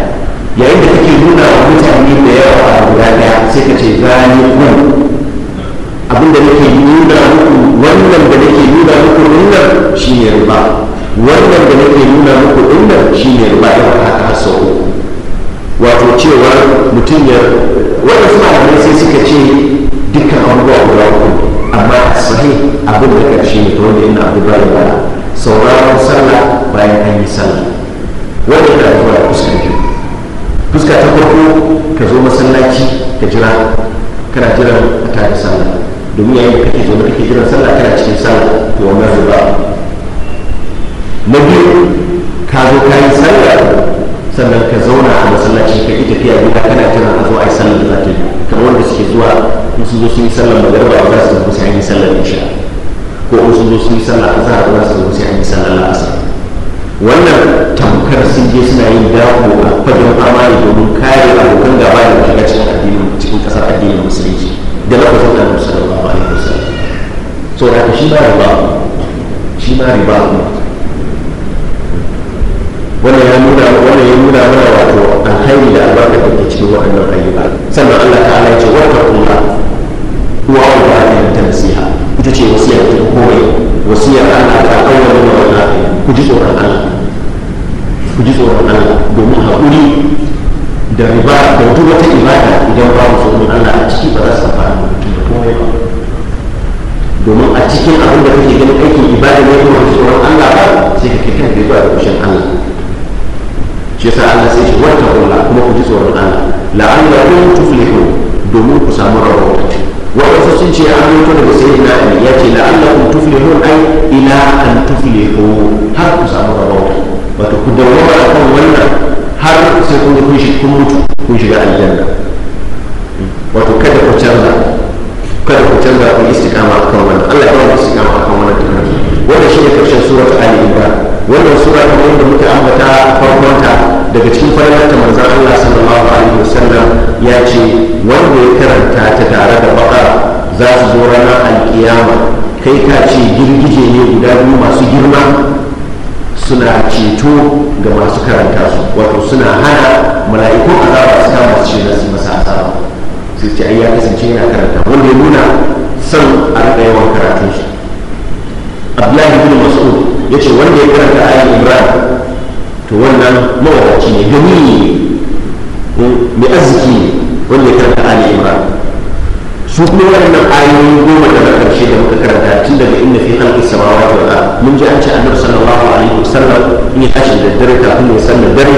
yayin da kake nuna wa mutane da yawa a guda ɗaya sai ka ce zalikun abin da nake nuna muku wannan da nake nuna muku nuna shi ne riba wannan da nake nuna muku nuna shi ne riba ɗaya wato cewa mutum ya wanda suna da sai suka ce dukkan abubuwa guda uku amma sahi abin da karshe ne wanda yana abu ba da bala sauraron sallah bayan an yi sallah wanda yana da zuwa fuska biyu fuska ta farko ka zo masallaci ka jira kana jira a tare sallah domin yayin da kake zo kake jira sallah kana cikin sallah to wannan zuba na biyu ka zo ka yi sallah sannan ka zauna a masallaci ka ita tafiya gida kana jira a zo a yi sallar da za ta biyu kamar wanda suke zuwa in sun zo sun yi sallar da a za su tafi sai an yi sallar isha ko in sun zo sun yi sallar a zara za su tafi sai an yi sallar la'asar wannan tamkar sun je suna yin dako a fagen amali domin kare abokan gaba da shiga cikin addinin cikin kasar addinin musulunci da na kusa da musulunci ba ba ne kusa so da shi ma riba shi ma riba kuma wannan ya nuna wannan ya nuna mana wato alhairi da albarka da ke cikin wa'annan ayyuka sannan Allah ta'ala ya ce wata kula wa Allah ya ta nasiha ita ce wasiyar ta kowai wasiyar Allah ta kawai da wannan ku ji tsoron Allah ku ji tsoron Allah domin haƙuri da riba da duk wata ibada idan ba yasa Allah sai ce wata kula kuma ku ji tsoron Allah ku tuflihu domin ku samu rawa waɗansu sun ce an yi da sai na ali ya ce ku tuflihu ai ila an tuflihu har ku samu rabo wato ku a kan wannan har sai kun kun shi kun mutu kun shiga aljanna wato kada ku canza kada ku canza ku istiqama akan wannan Allah ya ba istiqama akan wannan wannan ne karshen surat ali imran wannan sura kamar yadda muke ambata daga cikin falalar da manzan Allah sallallahu alaihi wasallam ya ce wanda ya karanta ta tare da baka za su zo rana alkiyama kai ka ce girgije ne guda biyu masu girma suna ceto ga masu karanta su wato suna hana malaiku azaba su kama su ce su masa azaba sai ce ai kasance yana karanta wanda ya nuna son a rika yawan karatun shi abdullahi bin mas'ud ya ce wanda ya karanta ayin ibrahim to wannan mawaci ne gani ne mai arziki ne wanda ya karanta ali imran su kuma waɗannan ayoyi goma da karshe da muka karanta tun daga inda fi halki wa ta wada mun ji an ce annabi sallallahu alaihi wasallam in ya tashi da dare kafin ya sallar dare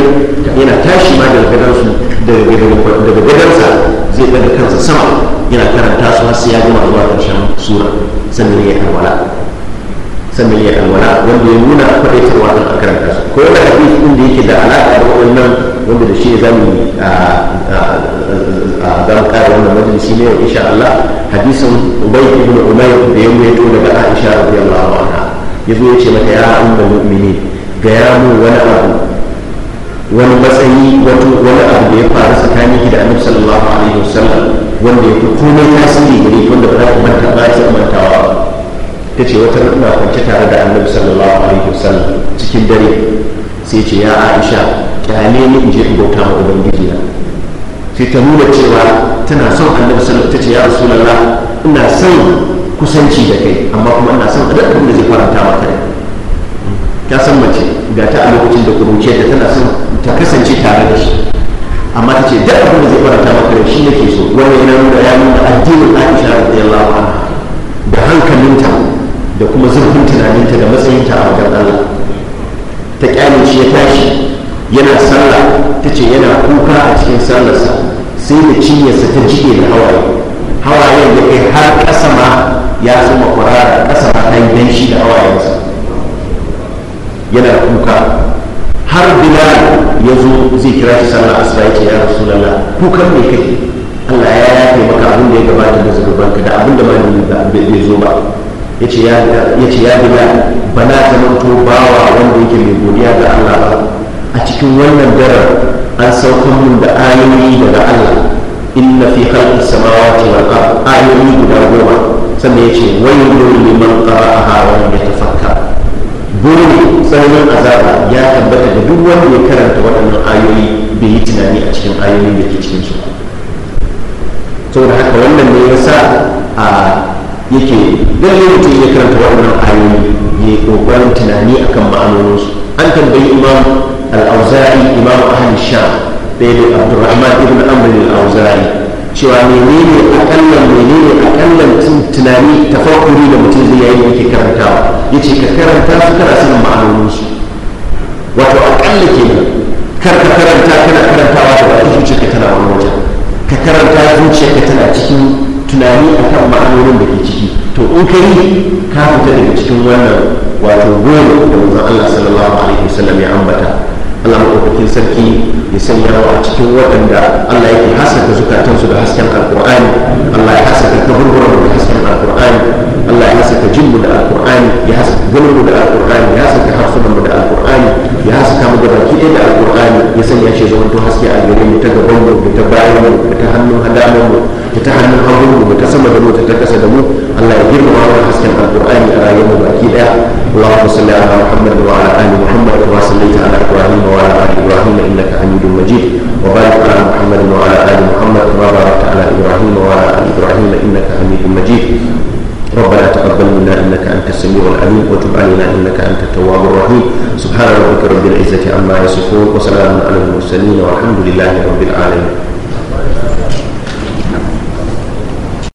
yana tashi ma daga gadansu daga gadansa zai ɗaga kansa sama yana karanta su har sai ya gama zuwa ƙarshen sura sannan ya karwala sannan ya alwala wanda ya nuna kwaɗaitarwa cewa a karanta su ko yana hadis su da yake da alaƙa da wannan wanda da shi zan a zan mu ƙara wannan majalisi ne insha Allah hadisin Ubay ibn Umayr da ya mutu daga Aisha radiyallahu anha ya zo ya ce mata ya ummul mu'minin ga ya mu wani abu wani matsayi wato wani abu da ya faru tsakanin ki da Annabi sallallahu alaihi wasallam wanda ya fi komai tasiri gare wanda ba za ku manta ba ya mantawa ta ce wata ina kwanci tare da annabi sallallahu alaihi wasallam cikin dare sai ce ya aisha kyale ni in je in bauta ma ubangiji na sai ta nuna cewa tana son annabi sallallahu ta ce ya rasulullah ina son kusanci da kai amma kuma ina son duk abin da zai faranta maka rai ta san mace ga ta a lokacin da kuruce ta tana son ta kasance tare da shi amma ta ce duk abin da zai faranta maka rai shi nake so wannan yana nuna ya nuna addinin da kuma zurfin tunaninta da matsayinta a wajen Allah ta kyale shi ya tashi yana sallah ta ce yana kuka a cikin sallarsa sai da cinyarsa ta jike da hawaye hawayen ya kai har ƙasa ma ya zama kurara ƙasa ma ta yi shi da hawayensa yana kuka har bilal ya zo zai kira shi sallar asuba ya ce ya rasu lalla kukan mai kai allah ya yafe maka abin da ya gabata da zunubanka da abin da ma bai zo ba yace ya yace bila bana zamanto bawa wanda yake mai godiya ga Allah ba a cikin wannan daren an saukar mun da ayoyi daga Allah inna fi khalqis samawati wal ard ayoyi guda goma sannan yace wayyul liman qara'aha wa lam yatafakka burin tsananin azaba ya tabbata da duk wanda ya karanta waɗannan ayoyi bai yi tunani a cikin ayoyin da ke cikin su saboda haka wannan ne ya sa a yake lalle mutum ya karanta waɗannan ayoyi ya yi kokarin tunani akan ma'anoninsu an tambayi imam al-auza'i imam ahli sham ɗaya da abdurrahman ibn amr al-auza'i cewa menene akallan menene akallan tunani tafakkuri da mutum zai yayi yake karantawa yace ka karanta su kana sanin ma'anoninsu wato akalla kenan kar ka karanta kana karantawa da ba ka tana wani wajen ka karanta ka tana cikin tunani a kan ma'anonin da ke ciki to in ka yi ka fita daga cikin wannan wato goro da wanzan Allah sallallahu alaihi wasallam ya ambata Allah maɗaukakin sarki ya sanya wa a cikin waɗanda Allah yake haskaka zukatansu da hasken alƙur'ani Allah ya haskaka kaburburan da hasken alƙur'ani Allah ya haskaka jinmu da alƙur'ani ya haskaka gulmu da alƙur'ani ya haskaka mu da alƙur'ani ya haskaka mu da baki ɗaya da alƙur'ani ya sanya shi zama to haske a gare mu ta gabanmu da ta bayanmu da ta hannun mu da ta hannun hagu mu ta sama da da ta kasa da mu Allah ya girma wannan hasken alqur'ani a rayuwar mu baki daya Allahumma salli ala Muhammad wa ala ali Muhammad wa sallaita ala Ibrahim wa ala ali Ibrahim innaka Hamidum Majid wa barik ala Muhammad wa ala ali Muhammad wa barakta ala Ibrahim wa ala ali Ibrahim innaka Hamidum Majid ربنا تقبل منا انك انت السميع العليم وتب علينا انك انت التواب الرحيم سبحان ربك رب العزه عما يصفون وسلام على المرسلين والحمد لله رب العالمين